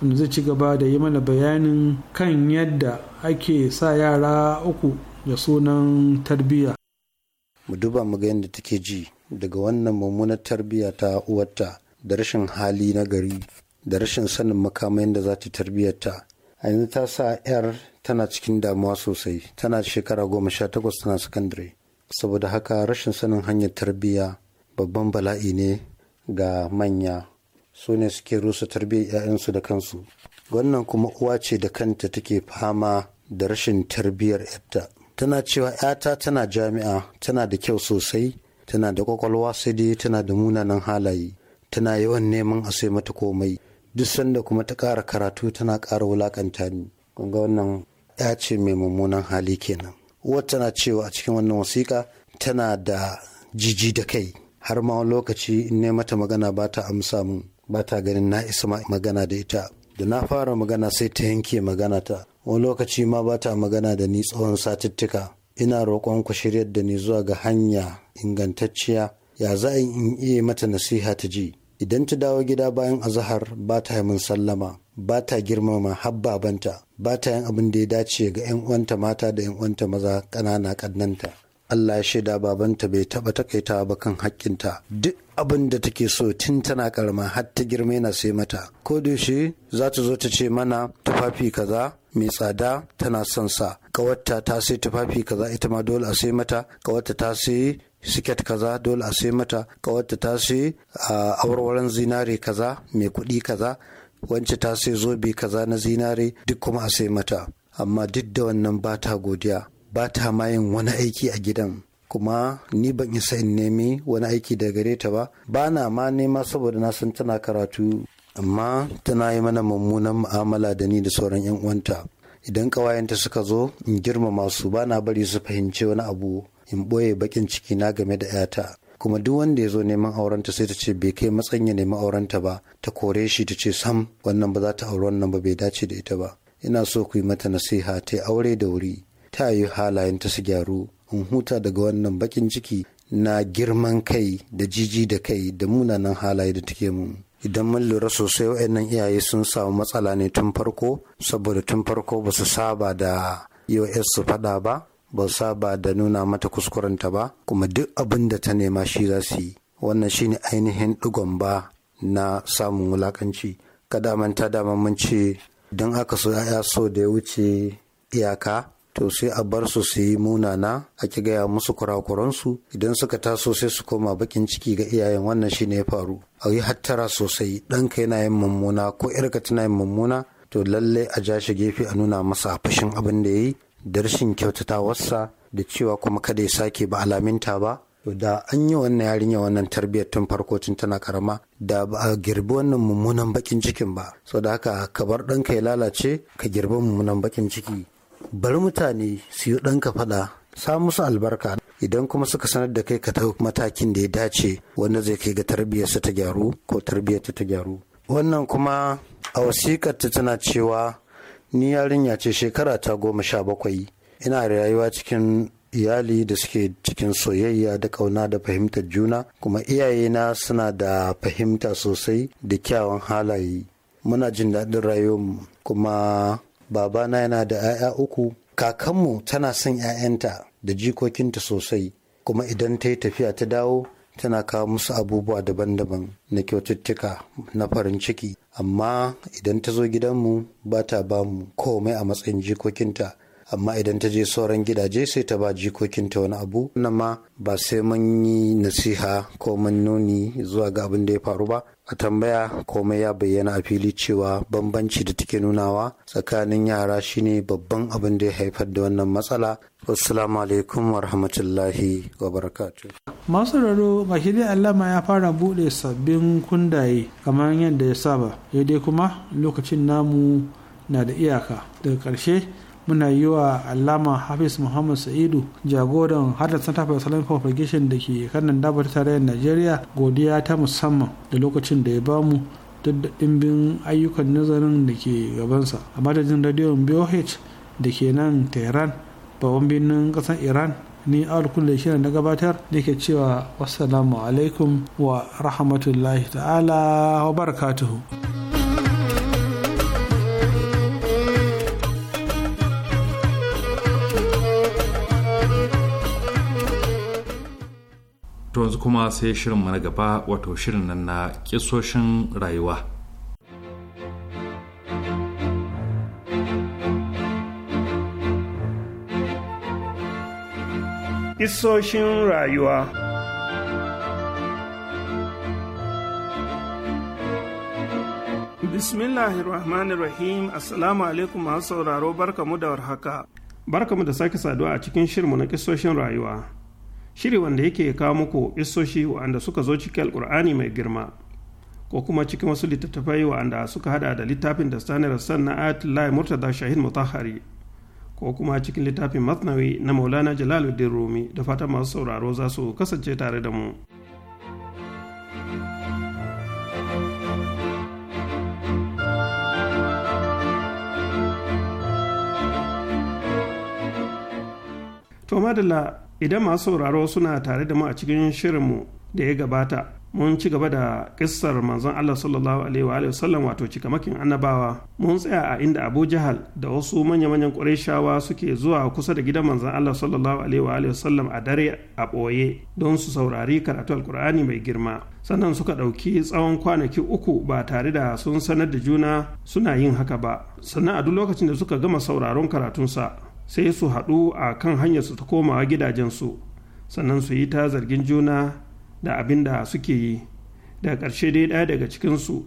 wanda zai ci gaba da yi mana bayanin kan yadda ake sa yara uku da sunan tarbiyya mu duba mu ga yadda take ji daga wannan mummunar tarbiyya ta uwarta da rashin hali na gari da rashin sanin makamai da za ta tarbiyyarta a yanzu ta sa 'yar tana cikin damuwa sosai tana shekara goma sha takwas tana sakandare saboda haka rashin sanin hanyar tarbiyya babban bala'i ne ga manya su ne suke rusa tarbiyyar 'ya'yansu da kansu wannan kuma uwa ce da kanta take fama da rashin tarbiyyar 'yarta tana cewa 'yata tana jami'a tana da kyau sosai tana da kwakwalwa sai dai tana da munanan halaye tana yawan neman a sai mata komai duk sanda kuma ta ƙara karatu tana ƙara wulakanta ni kun wannan ya ce mai mummunan hali kenan uwar tana cewa a cikin wannan wasiƙa tana da jiji da kai har ma lokaci in ne mata magana ba ta amsa mun ba ta ganin na isa magana da ita da na fara magana sai ta yanke magana ta wani lokaci ma ba ta magana da ni tsawon satuttuka ina roƙon ku shiryar da ni zuwa ga hanya ingantacciya ya za in iya mata nasiha ta ji idan ta dawo gida bayan azahar ba ta min sallama ba ta girmama habbabanta ba ta yin abin da ya dace ga 'yan uwanta mata da 'yan uwanta maza ƙanana kannanta. Allah ya shaida babanta bai taɓa takaita ba kan haƙƙinta duk abin da take so tun tana karama har ta girma yana sai mata ko da yaushe za ta zo ta ce mana tufafi kaza mai tsada tana son sa kawarta ta sai tufafi kaza ita ma dole a sai mata kawarta ta sai siket kaza dole a sai mata kawarta ta sai a awarwaran zinare kaza mai kuɗi kaza wance ta sai zobe kaza na zinare duk kuma a sai mata amma duk da wannan ba ta godiya ba ta ma yin wani aiki a gidan kuma ni ban isa in nemi wani aiki da gare ta ba ba na ma nema saboda na san tana karatu amma tana yi mana mummunan mu'amala da ni da sauran 'yan uwanta idan ƙawayenta suka zo in girmama su ba na bari su fahimci wani abu in ɓoye bakin ciki na game da 'yata kuma duk wanda ya zo neman aurenta sai ta ce bai kai matsayin ya nemi aurenta ba ta kore shi ta ce sam wannan ba za ta auri wannan ba bai dace da ita ba ina so ku yi mata nasiha ta yi aure da wuri ta yi halayen ta su gyaru in huta daga wannan bakin ciki na girman kai da jiji da kai da munanan halaye da take mu idan mun lura sosai wa'annan iyaye sun samu matsala ne tun farko saboda tun farko ba su saba da yi su faɗa ba ba saba da nuna mata kuskurenta ba kuma duk abin da ta nema shi za su yi wannan shine ainihin ɗigon ba na samun wulakanci kada manta dama mun ce don aka so ya so da ya wuce iyaka to sai a bar su su yi munana a ki gaya musu kurakuransu idan suka taso sai su koma bakin ciki ga iyayen wannan shi ne ya faru a yi hattara sosai ɗanka yana yin mummuna ko 'yarka tana yin mummuna to lallai a ja shi gefe a nuna masa fashin abin da ya yi da rashin wasa da cewa kuma kada ya sake ba alaminta ba da an yi wannan yarinya wannan tarbiyyar tun farko tun tana karama da ba a girbi wannan mummunan bakin cikin ba so da haka ka bar ɗanka ya lalace ka girbi mummunan bakin ciki bari mutane su yi ɗanka faɗa sa musu albarka idan kuma suka sanar da kai ka ta matakin da ya dace wanda zai kai ga tarbiyyarsa ta gyaru ko tarbiyyarta ta gyaru wannan kuma a wasikarta tana cewa ni yarinya ce shekara ta goma sha bakwai ina rayuwa cikin iyali da suke cikin soyayya da ƙauna da fahimtar juna kuma iyayena suna da fahimta sosai da kyawun halaye muna jin daɗin rayuwarmu kuma babana yana da 'ya'ya uku kakanmu tana son 'ya'yanta da jikokinta sosai kuma idan ta yi tafiya ta dawo tana kawo musu abubuwa daban-daban na kyaututtuka na farin ciki amma idan ta zo gidanmu ba ta ba mu komai a matsayin jikokinta amma idan ta je sauran gidaje sai ta ba jikokin ta wani abu nan ma ba sai mun yi nasiha ko mun nuni zuwa ga abin da ya faru ba a tambaya komai ya bayyana a fili cewa bambanci da take nunawa tsakanin yara shine babban abin da ya haifar da wannan matsala assalamu alaikum wa rahmatullahi wa barakatu masu raro baki allama ya fara bude sabbin kundaye kamar yadda ya saba dai kuma lokacin namu na da iyaka daga karshe. muna yi wa alama hafiz muhammad sa'idu jagoran hada santa for salam propagation da ke kanan ta tarayyar najeriya godiya ta musamman da lokacin da ya bamu duk da ɗimbin ayyukan nazarin da ke gabansa a madadin radiyon boh da ke nan tehran babban birnin ƙasar iran ni kula da shirin na gabatar da ke cewa wassalamu alaikum wa rahmatullahi ta'ala wa barakatuhu. to yanzu kuma sai shirin mana gaba wato shirin nan na kisoshin rayuwa Isoshin rayuwa Bismillahirrahmanirrahim Assalamu alaikum masu sauraro barkamu da warhaka. Barkamu da sake saduwa a cikin shirmu na kisoshin rayuwa. shiri wanda yake kawo muku isoshi wa'anda suka zo cikin alkur'ani mai girma ko kuma cikin wasu littattafai wa'anda suka hada da littafin da stanley rassan na ayatollah murtada shahid mutahari ko kuma cikin littafin matnawi na maulana jalaluddin rumi da fata masu sauraro za su kasance tare da mu. To madalla idan masu sauraro suna tare da mu a cikin shirinmu da ya gabata mun ci gaba da kissar manzon Allah sallallahu alaihi wa wasallam wato cikamakin annabawa mun tsaya a inda Abu Jahal da wasu manya-manyan Qurayshawa suke zuwa kusa da gidan manzon Allah sallallahu alaihi wa wasallam a dare a boye don su saurari karatu Alƙur'ani mai girma sannan suka ɗauki tsawon kwanaki uku ba tare da sun sanar da juna suna yin haka ba sannan a duk lokacin da suka gama sauraron karatunsa sai su haɗu a kan hanyar su ta komawa gidajensu sannan su yi ta zargin juna da abin da suke yi da ƙarshe dai ɗaya daga cikinsu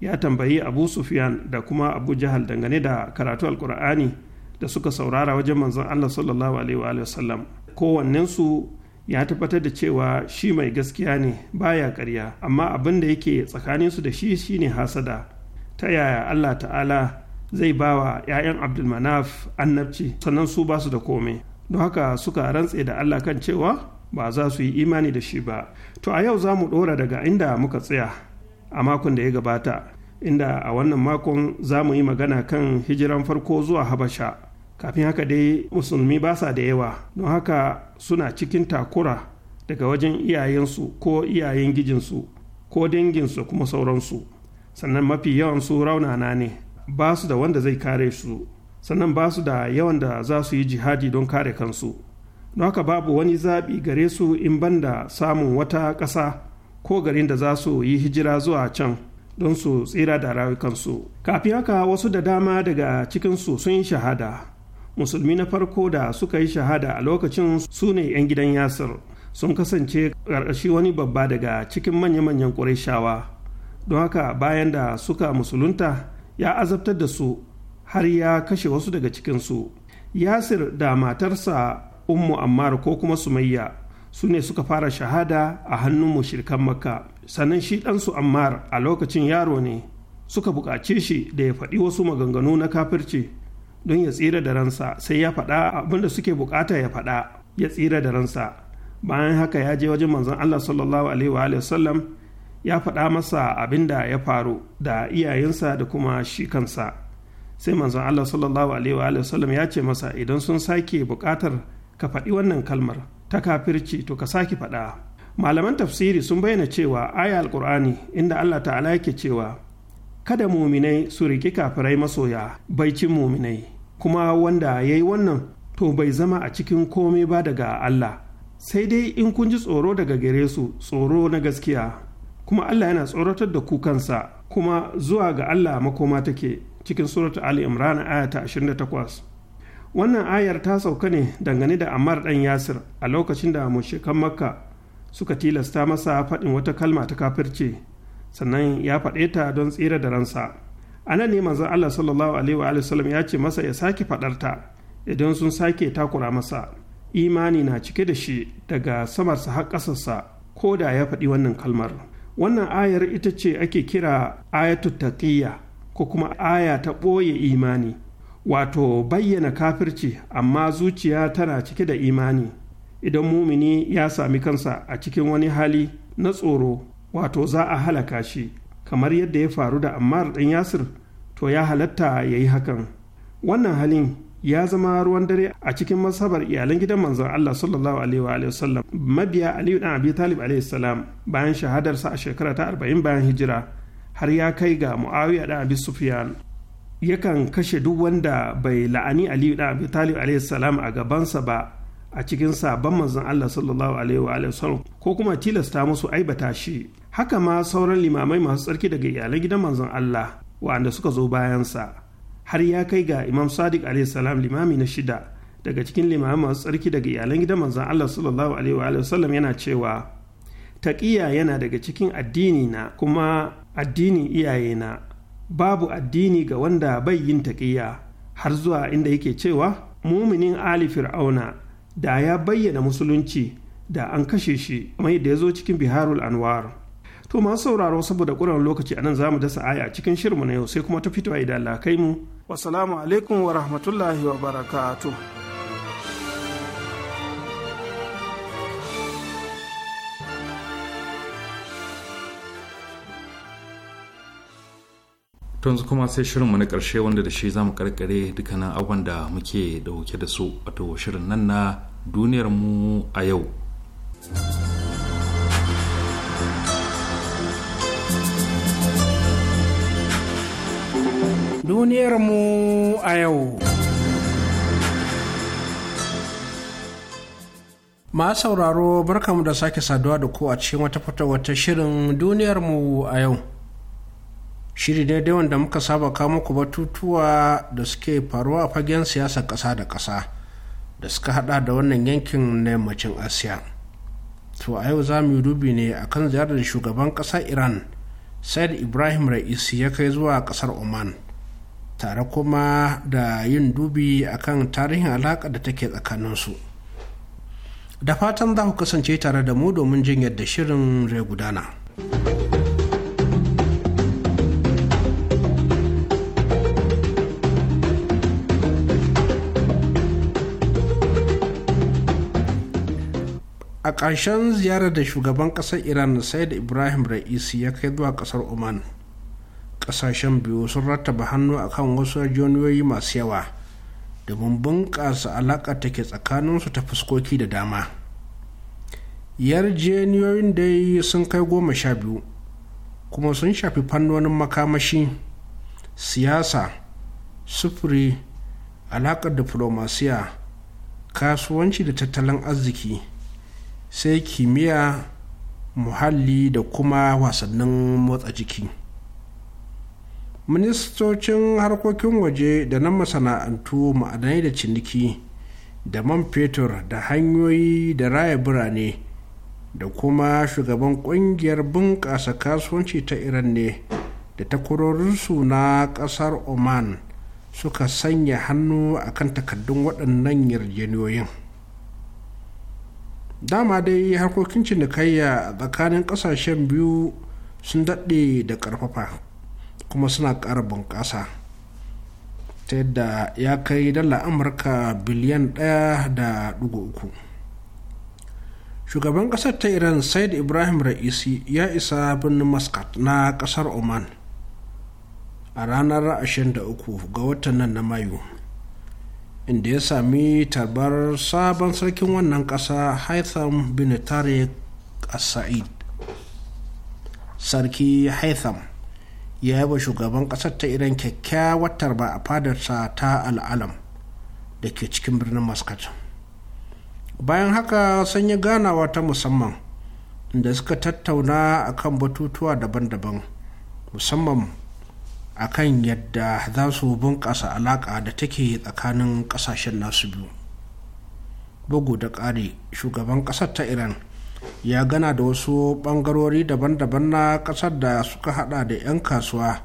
ya tambayi abu sufyan da kuma abu jahal dangane da karatu alkur'ani da suka saurara wajen manzon allah sallallahu alaihi wa sallam kowannensu ya tabbatar da cewa shi mai gaskiya ne baya karya amma abin da yake tsakaninsu da shi shine hasada ta yaya allah ta'ala zai ba wa 'ya'yan abdulmanaf annabci sannan su ba su da komai don haka suka rantse da allah kan cewa ba za su yi imani da shi ba to a yau za mu ɗora daga inda muka tsaya a makon da ya gabata inda a wannan makon za mu yi magana kan hijiran farko zuwa habasha kafin haka dai musulmi ba sa da yawa don haka suna cikin takura daga wajen iyayensu ko iyayen gijinsu ko da kuma sauransu sannan mafi yawan su raunana ne ba su da wanda zai kare su sannan ba su da yawan da za su yi jihadi don kare kansu don haka babu wani zaɓi gare su in banda samun wata ƙasa ko garin da za su yi hijira zuwa can don su tsira da rayukansu kafin haka wasu da dama daga cikinsu sun yi shahada musulmi na farko da suka yi shahada a lokacin su ne 'yan gidan yasir sun kasance ƙarƙashi wani babba daga cikin manya-manyan ƙurashawa don haka bayan da suka musulunta ya azabtar da su har ya kashe wasu daga cikinsu yasir da matarsa ummu ammar ko kuma sumayya su ne suka fara shahada a hannun mushrikan makka sannan shi ɗansu ammar a lokacin yaro ne suka buƙace shi da ya faɗi wasu maganganu na kafirci don ya tsira da ransa sai ya faɗa abin da suke buƙata ya faɗa ya tsira da ransa bayan haka ya je wajen manzon Allah sallallahu alaihi wa sallam ya faɗa masa abin da ya faru da iyayensa da kuma shi kansa sai manzon Allah sallallahu alaihi wa sallam ya ce masa idan sun sake buƙatar ka faɗi wannan kalmar ta kafirci to ka sake faɗa malaman tafsiri sun bayyana cewa aya alƙur'ani inda Allah ta'ala yake cewa kada muminai su riƙi kafirai masoya baicin muminai kuma wanda ya yi wannan to bai zama a cikin komai ba daga Allah sai dai in kun ji tsoro daga gare su tsoro na gaskiya kuma Allah yana tsoratar da kukansa kuma zuwa ga Allah makoma take cikin suratu Ali Imran aya ta 28 wannan ayar ta sauka ne dangane da Ammar dan Yasir a lokacin da mushrikan Makka suka tilasta masa faɗin wata kalma ta kafirce sannan ya faɗe ta don tsira da ransa anan ne manzon Allah sallallahu alaihi wa ya ce masa ya sake faɗar ta idan sun sake takura masa imani na cike da shi daga samarsa har ƙasarsa ko da ya faɗi wannan kalmar wannan ayar ita ce ake kira ayatu taqiyya ko kuma aya ta ɓoye imani wato bayyana kafirci amma zuciya tana cike da imani idan mumini ya sami kansa a cikin wani hali na tsoro wato za a halaka shi kamar yadda ya faru da ammar ɗan yasir to ya halatta ya yi hakan wannan halin ya zama ruwan dare a cikin masabar iyalan gidan manzon Allah sallallahu alaihi wa sallam mabiya Aliyu dan Abi Talib alaihi salam bayan shahadarsa a shekara ta 40 bayan hijira har ya kai ga Muawiya dan Abi Sufyan yakan kashe duk wanda bai la'ani Aliyu dan Abi Talib alaihi salam a gabansa ba a cikin sabon manzon Allah sallallahu alaihi wa sallam ko kuma tilasta musu aibata shi haka ma sauran limamai masu tsarki daga iyalan gidan manzon Allah wa'anda suka zo bayansa har ya kai ga imam sadiq salam limami na shida daga cikin limamin masu tsarki daga iyalan gidan manzan allah sallallahu alaihi wa sallam yana cewa taƙiya yana daga cikin addini na kuma addinin iyaye na babu addini ga wanda bai yin taƙiya har zuwa inda yake cewa muminin ali fir'auna da ya bayyana musulunci da an kashe shi mai da ya zo cikin biharul anwar to masu sauraro saboda ƙuran lokaci anan za mu dasa aya a cikin shirmu na yau sai kuma ta fitowa idan Allah mu wasalamu alaikum wa rahmatullahi wa barakatuh yanzu kuma sai shirinmu na ƙarshe wanda da shi za mu karkare dukkanin abin da muke dauke da su wato shirin nan na duniyarmu a yau Duniyarmu a yau. Ma sauraro barkamu da sake saduwa da ku a cikin wata fata wata shirin duniyarmu a yau. Shiri daidai wanda muka saba kawo muku batutuwa da suke faruwa a fagen siyasar ƙasa da ƙasa da suka hada da wannan yankin na yammacin Asiya. To a yau za mu yi dubi ne akan ziyarar shugaban ƙasar Iran. said ibrahim ra'isi ya kai zuwa ƙasar oman tare kuma da yin dubi akan tarihin alaƙa da take tsakaninsu da fatan za ku kasance tare da mu domin jin yadda shirin zai gudana a ƙarshen ziyarar da shugaban ƙasar iran sai da ibrahim ra'isi ya kai zuwa ƙasar oman kasashen biyu sun rattaba hannu a kan wasu yarjejeniyoyi masu yawa domin bunƙasa alaƙa take su ta fuskoki da dama yarjeniyoyin dai sun kai goma sha biyu kuma sun shafi fannonin makamashi siyasa sufuri alaƙar diflomasiya kasuwanci da tattalin arziki sai kimiyya muhalli da kuma wasannin motsa jiki. ministocin harkokin waje da na masana'antu ma'adanai da ciniki da man fetur da hanyoyi da raya birane da kuma shugaban kungiyar bunƙasa kasuwanci ta iran ne da takwarorinsu na ƙasar oman suka sanya hannu a kan takaddun waɗannan yarjeniyoyin dama dai harkokin cinikayya tsakanin ƙasashen biyu sun daɗe da ƙarfafa kuma suna ƙara bunƙasa ta yadda ya kai dala amurka biliyan ɗaya da ɗigo uku shugaban ƙasar ta iran said ibrahim ra'isi ya isa birnin muscat na ƙasar oman a ranar 23 ga watan nan na mayu inda ya sami tarbar sabon sarkin wannan ƙasa haitham bin tariq as-sa'id sarki haitham ya yaba shugaban ƙasar ta iran kyakkyawar tarba a fadarsa ta al'alam da ke cikin birnin muscat bayan haka sun yi ganawa ta musamman da suka tattauna akan batutuwa daban-daban musamman a kan yadda za su bunƙasa alaƙa da take tsakanin ƙasashen nasu biyu bugu da ƙari shugaban ƙasar ta iran ya gana da wasu bangarori daban-daban na kasar da suka hada da 'yan kasuwa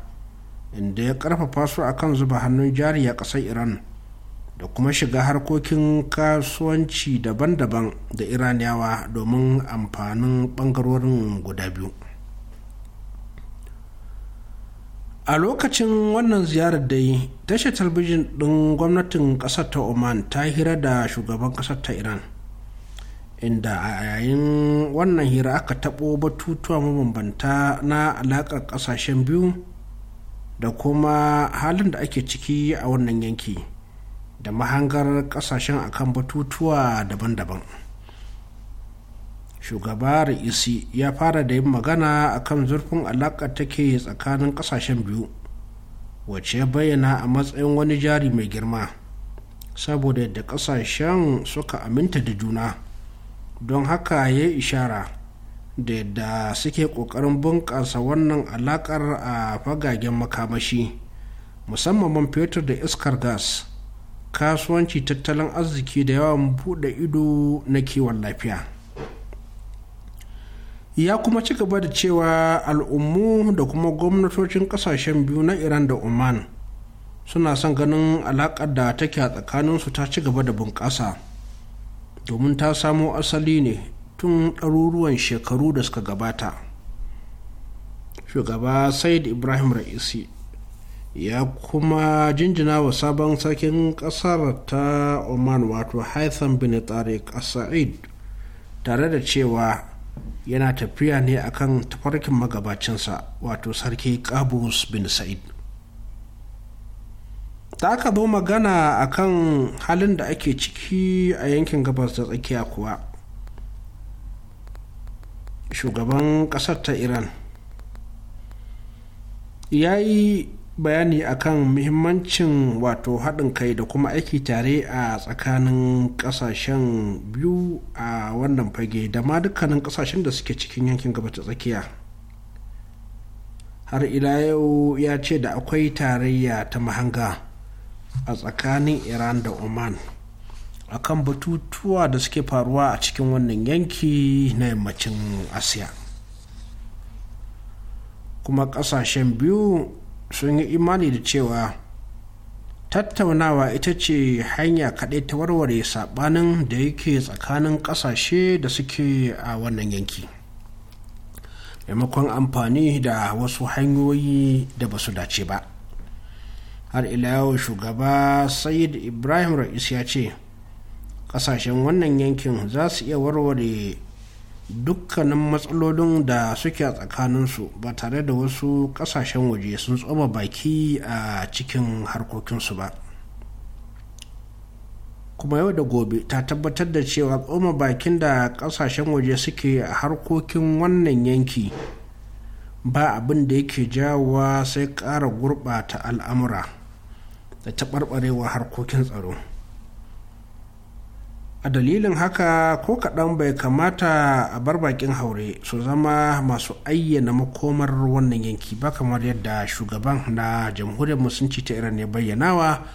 inda ya karfafa su a kan zuba hannun jari a kasar iran da kuma shiga harkokin kasuwanci daban-daban da iraniyawa domin amfanin bangarorin guda biyu a lokacin wannan ziyarar dai tashar talbijin ɗin gwamnatin ƙasar ta oman ta hira da shugaban ƙasar ta iran inda a yayin wannan hira aka taɓo batutuwa mabambanta na alaƙar ƙasashen biyu da kuma halin da ake ciki a wannan yanki da mahangar ƙasashen akan batutuwa daban-daban shugaba isi ya fara da yin magana a kan zurfin alaƙa take tsakanin ƙasashen biyu wacce ya bayyana a matsayin wani jari mai girma saboda yadda ƙasashen suka aminta da juna don haka ya yi ishara da yadda suke ƙoƙarin bunƙasa wannan alaƙar a fagagen makamashi musamman man fetur da iskar gas kasuwanci tattalin arziki da yawan buɗe ido na kiwon lafiya ya kuma ci gaba da cewa al'ummu da kuma gwamnatocin ƙasashen biyu na iran da oman suna son ganin alaƙar da take a tsakaninsu ta ci gaba da bunƙasa domin ta samo asali ne tun ɗaruruwan shekaru da suka gabata shugaba said ibrahim ra'isi ya kuma jinjina wa sabon sarkin ƙasar ta oman wato haitham bin tariq sa'id tare da cewa yana tafiya ne akan tafarkin magabacinsa wato sarki qabus bin sa'id ta aka zo magana a kan halin da ake ciki a yankin gabas da tsakiya kuwa shugaban ƙasar ta iran ya yi bayani a kan muhimmancin wato haɗin kai da kuma aiki tare a tsakanin ƙasashen biyu a wannan fage da ma dukkanin ƙasashen da suke cikin yankin gabas da tsakiya har ila yau ya ce da akwai tarayya ta mahanga a tsakanin iran da oman akan batutuwa da suke faruwa a cikin wannan yanki na yammacin asiya kuma kasashen biyu sun yi imani da cewa tattaunawa ita ce hanya kaɗai ta warware saɓanin da yake tsakanin ƙasashe da suke a wannan yanki maimakon amfani da wasu hanyoyi da ba su dace ba har ila yau shugaba sayid ibrahim ra'is ya ce kasashen wannan yankin za su iya warware dukkanin matsalolin da suke a tsakaninsu ba tare da wasu kasashen waje sun tsoma baki a cikin harkokinsu ba kuma yau da gobe ta tabbatar da cewa tsoma bakin da kasashen waje suke a harkokin wannan yanki ba abin da yake jawowa sai ƙara gurɓata al'amura da taɓarɓarewa harkokin tsaro a dalilin haka ko kaɗan bai kamata a bar bakin haure su zama masu ayyana makomar wannan yanki ba kamar yadda shugaban na jamhuriyar musulunci ta iran ya bayyanawa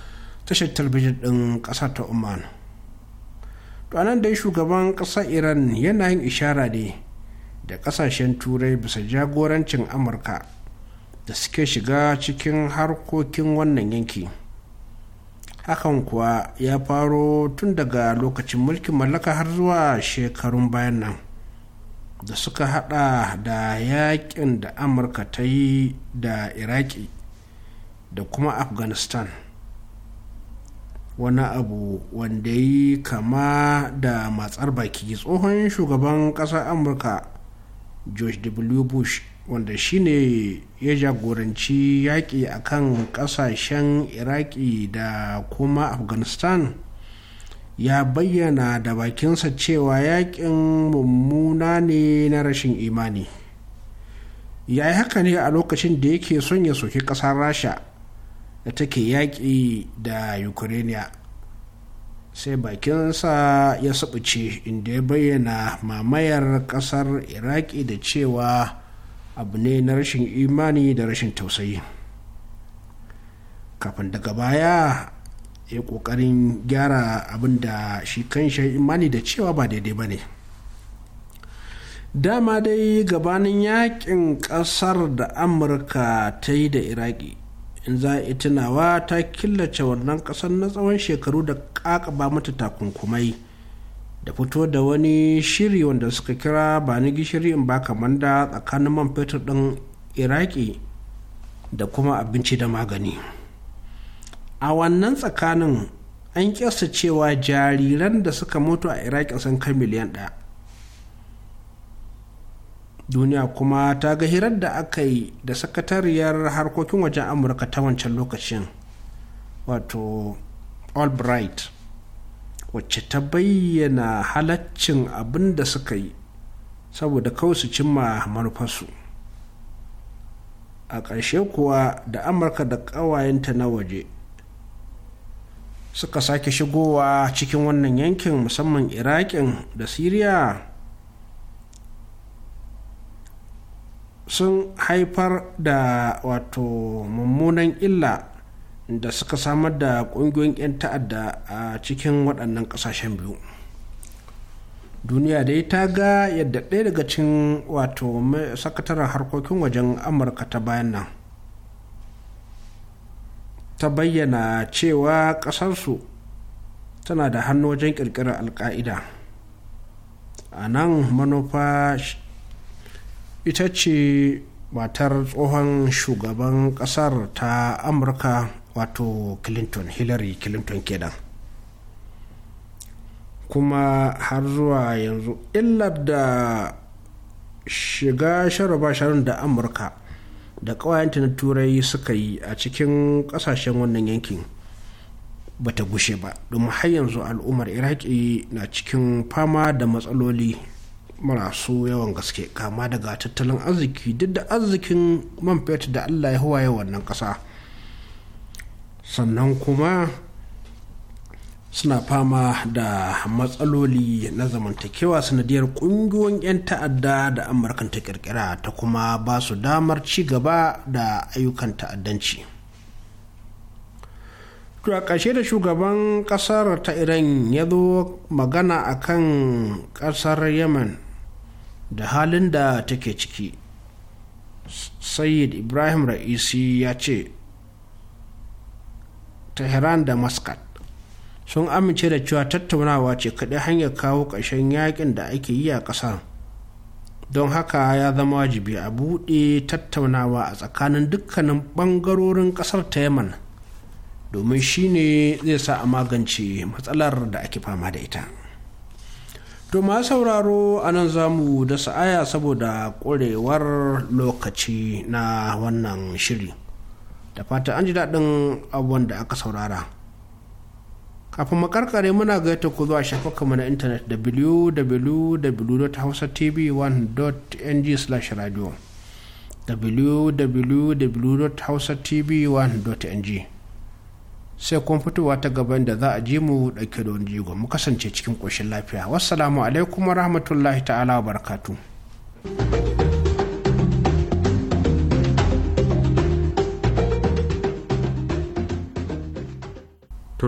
tashar talbijin ɗin ƙasa ta oman to anan dai shugaban ƙasa iran yana yin ishara ne da ƙasashen turai bisa jagorancin amurka da suke shiga cikin harkokin wannan yanki. hakan kuwa ya faro tun daga lokacin mulkin mallaka har zuwa shekarun bayan nan da suka hada da yakin da amurka ta yi da iraki da kuma afghanistan wani abu wanda yi kama da matsar baki tsohon shugaban ƙasar amurka george w bush wanda shine ya jagoranci yaƙi a kan ƙasashen iraki da kuma afghanistan ya bayyana da bakinsa cewa yaƙin mummuna ne na rashin imani ya yi haka ne a lokacin da yake son ya soki ƙasar rasha da take yaƙi da ukraine sai bakinsa ya saɓuce inda ya bayyana mamayar ƙasar iraki da cewa abu ne na rashin imani da rashin tausayi kafin daga baya ya ƙoƙarin gyara abin da shi kan shi imani da cewa ba daidai ba ne dama dai gabanin yakin ƙasar da amurka ta yi da iraki in za a tunawa ta killace wannan ƙasar na tsawon shekaru da ƙaƙaba mata takunkumai da fito da wani shiri wanda suka kira ba ni gishiri in ba kamanda tsakanin man fetur ɗin iraki da kuma abinci da magani a wannan tsakanin an kyasta cewa jariran da suka mutu a iraki sun kai miliyan ɗaya duniya kuma ta ga hirar da aka yi da sakatariyar harkokin wajen amurka ta wancan lokacin wato albright wacce ta bayyana halaccin abin da suka yi saboda kawai su cimma manufarsu a ƙarshe kuwa da amurka da ƙawayenta na waje suka sake shigowa cikin wannan yankin musamman iraƙin da siriya sun haifar da wato mummunan illa da suka samar da ƙungiyoyin 'yan ta'adda a cikin waɗannan ƙasashen biyu duniya dai ta ga yadda ɗaya daga cikin wato sakataren harkokin wajen amurka ta bayan nan ta bayyana cewa ƙasarsu tana da hannu wajen ƙirƙirar alƙa'ida. a nan manufa ita ce matar tsohon shugaban ƙasar ta amurka wato clinton hillary clinton kenan kuma har zuwa yanzu illar da shiga sharaba sharon da amurka da ƙawayenta na turai suka yi a cikin ƙasashen wannan yankin bata gushe ba domin har yanzu al'ummar iraki na cikin fama da matsaloli marasu yawan gaske kama daga tattalin arziki duk da arzikin man fetur da allah ya huwaye wannan kasa. sannan kuma suna fama da matsaloli na zamantakewa sanadiyar ƙungiyoyin 'yan ta'adda da amurkan ta kirkira ta kuma ba su damar ci gaba da ayyukan ta'addanci a ƙarshe da shugaban ƙasar ta iran ya zo magana a kan ƙasar yemen da halin da take ciki sayyid ibrahim ra'isi ya ce tehran da muscat sun amince da cewa tattaunawa ce kaɗai hanyar kawo ƙarshen yakin da ake yi a ƙasar don haka ya zama wajibi a buɗe tattaunawa a tsakanin dukkanin ɓangarorin ƙasar ta yaman domin ne zai sa a magance matsalar da ake fama da ita to ma sauraro a nan za mu da sa'aya saboda ƙwarewar lokaci na wannan shiri da fata an ji daɗin abubuwan da aka saurara kafin makarkare muna gaita ku zuwa mu na intanet www.hausatv1.ng/radio www.hausatv1.ng sai kun fitowa ta gaban da za a ji mu ɗauke da wani jigo mu kasance cikin ƙoshin lafiya wassalamu alaikum wa rahmatullahi ta'ala wa barakatu.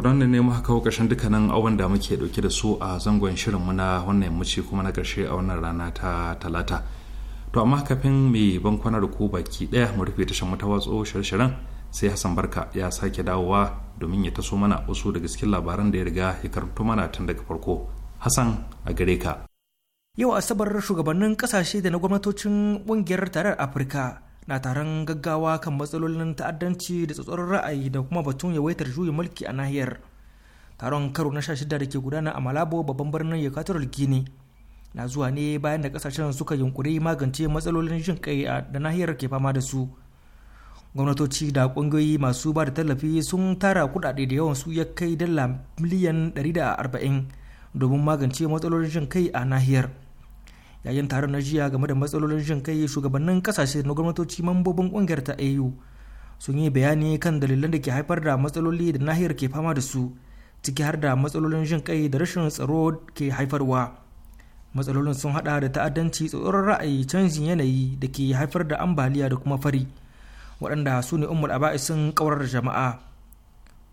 don ne mu kawo ƙarshen dukkanin abin da muke ɗauke da su a zangon shirinmu na wannan yammaci kuma na ƙarshe a wannan rana ta talata to amma kafin mai bankwana da ku baki ɗaya mu rufe tashan ta watso shirye-shiryen sai hassan barka ya sake dawowa domin ya taso mana wasu daga cikin labaran da ya riga ya karanto mana tun daga farko hassan a gare ka yau asabar shugabannin kasashe da na gwamnatocin ƙungiyar tarar afirka na taron gaggawa kan matsalolin ta'addanci da tsatsoron ra'ayi da kuma batun yawaitar juyin mulki a nahiyar taron karo na 16 da ke gudana a malabo babban birnin yekatoral gini na zuwa ne bayan da kasashen suka yunkuri magance matsalolin jin kai da nahiyar ke fama da su gwamnatoci da kungiyoyi masu ba da tallafi sun tara kudade da yawan su ya kai dala miliyan 140 domin magance matsalolin jin kai a nahiyar yayin taron na jiya game da matsalolin jin kai shugabannin kasashe na gwamnatoci mambobin kungiyar ta au sun yi bayani kan dalilan da ke haifar da matsaloli da nahiyar ke fama da su ciki har da matsalolin jin kai da rashin tsaro ke haifarwa matsalolin sun hada da ta'addanci tsoron ra'ayi canjin yanayi da ke haifar da ambaliya da kuma fari waɗanda su ne umar aba'i sun kaurar da jama'a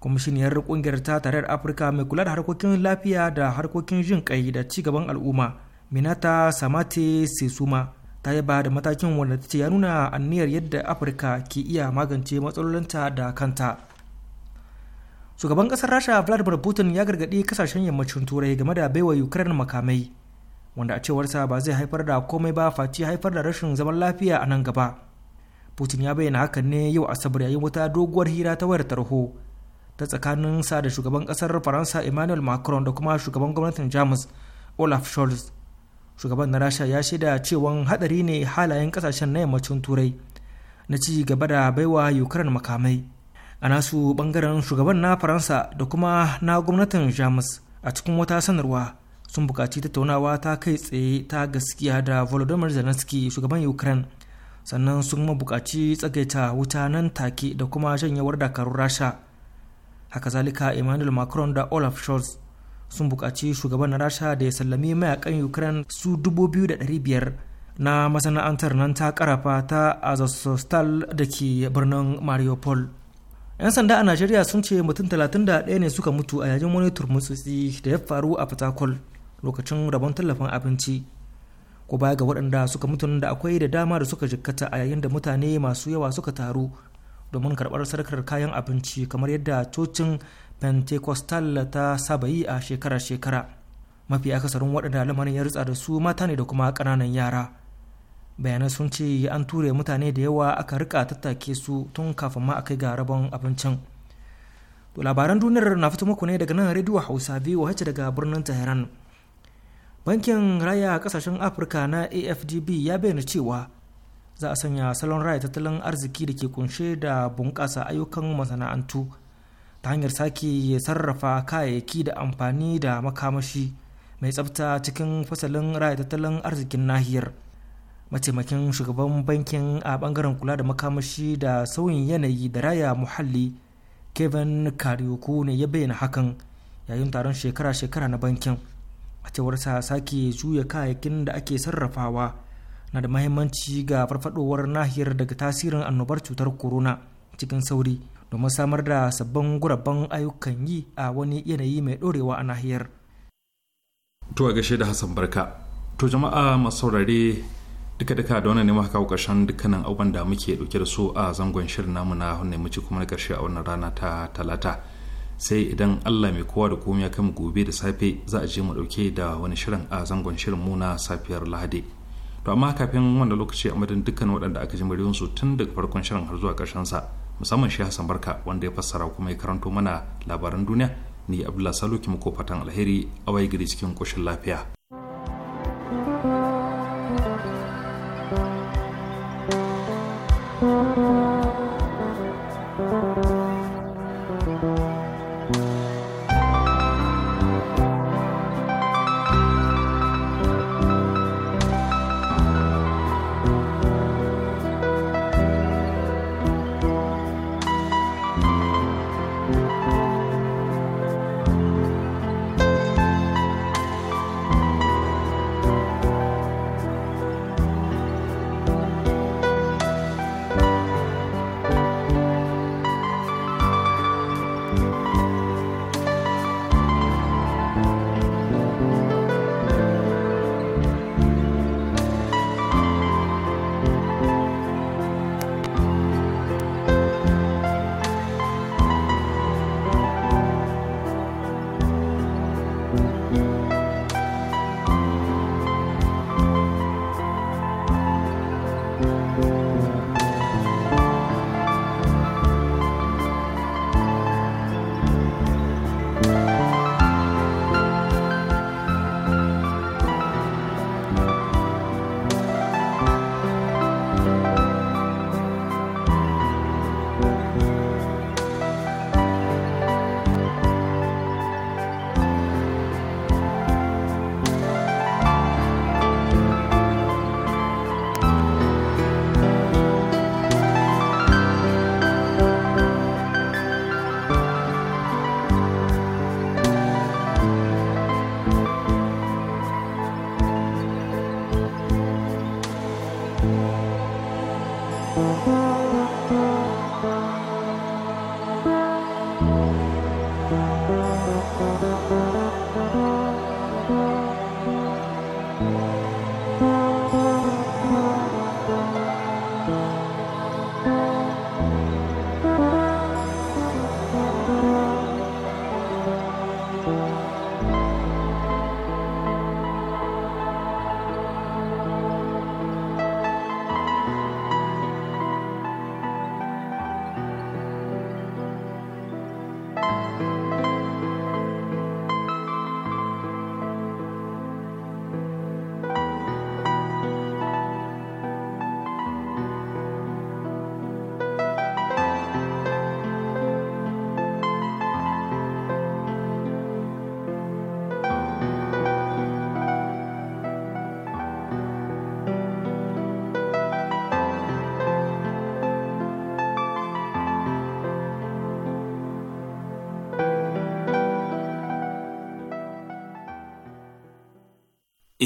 kwamishiniyar kungiyar ta tarayyar afirka mai kula da harkokin lafiya da harkokin jin kai da ci gaban al'umma minata samate sesuma ta yi ba da matakin wanda ta ce ya nuna anniyar yadda afirka ke iya magance matsalolinta da kanta shugaban kasar rasha vladimir putin ya gargaɗi kasashen yammacin turai game da baiwa ukraine makamai wanda a cewarsa ba zai haifar da komai ba face haifar da rashin zaman lafiya a nan gaba putin ya bayyana hakan ne yau asabar yayin wata doguwar hira ta wayar tarho ta tsakanin sa da shugaban kasar faransa emmanuel macron da kuma shugaban gwamnatin jamus olaf scholz shugaban na rasha ya shaida cewa hadari ne halayen kasashen na yammacin turai na ci gaba da baiwa yukaran makamai a nasu bangaren shugaban na faransa da kuma na gwamnatin jamus a cikin wata sanarwa sun bukaci tattaunawa ta kai tsaye ta gaskiya da volodymyr zelensky shugaban ukraine sannan sun kuma bukaci tsagaita wuta nan take da kuma janyewar dakarun rasha haka zalika emmanuel macron da olaf scholz sun buƙaci shugaban na rasha da ya sallami mayakan ukraine su 2,500 na masana'antar nan ta karafa ta azazostal da ke birnin mariupol 'yan sanda a najeriya sun ce mutum talatin da 31 ne suka mutu a yayin wani turmutsutsi da ya faru a fatakol lokacin rabon tallafin abinci ko baya ga waɗanda suka mutu da akwai da dama da suka jikkata a yayin da mutane masu yawa suka taru domin karɓar sarkar kayan abinci kamar yadda cocin pentecostal ta saba yi a shekara-shekara mafi akasarin waɗanda lamarin ya ritsa da su mata ne da kuma ƙananan yara bayanai sun ce an ture mutane da yawa aka rika tattake su tun kafin ma a kai ga rabon abincin to labaran duniyar na fito muku ne daga nan rediyo hausa biyu wacce daga birnin tehran bankin raya kasashen afirka na afdb ya bayyana cewa za a sanya salon raya tattalin arziki da ke kunshe da bunƙasa ayyukan masana'antu ta hanyar sake sarrafa kayayyaki da amfani da makamashi mai tsafta cikin fasalin raya tattalin arzikin nahiyar mataimakin shugaban bankin a bangaren kula da makamashi da sauyin yanayi da raya muhalli kevin karyoku ne ya bayyana hakan yayin taron shekara-shekara na bankin a cewar sa sake juya kayayyakin da ake sarrafawa na da mahimmanci ga farfadowar nahiyar daga tasirin annobar cutar corona cikin sauri domin samar da sabbin gurabban ayyukan yi a wani yanayi mai dorewa a nahiyar. To a gashe da Hassan Barka. To jama'a masu saurare duka duka da wannan ne muka kawo ƙarshen dukkanin abubuwan da muke ɗauke da su a zangon shirin namu na wannan mace kuma na ƙarshe a wannan rana ta talata. Sai idan Allah mai kowa da komai ya kai mu gobe da safe za a je mu ɗauke da wani shirin a zangon shirin mu na safiyar Lahadi. To amma kafin wannan lokaci a madadin dukkan waɗanda aka ji muryoyinsu tun daga farkon shirin har zuwa ƙarshen sa. musamman shi hassan barka wanda ya fassara kuma ya karanto mana labaran duniya ni Abdullahi salo ki muku fatan alheri a waye cikin koshin lafiya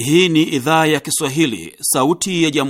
Hii ni idhaa ya Kiswahili, sauti ya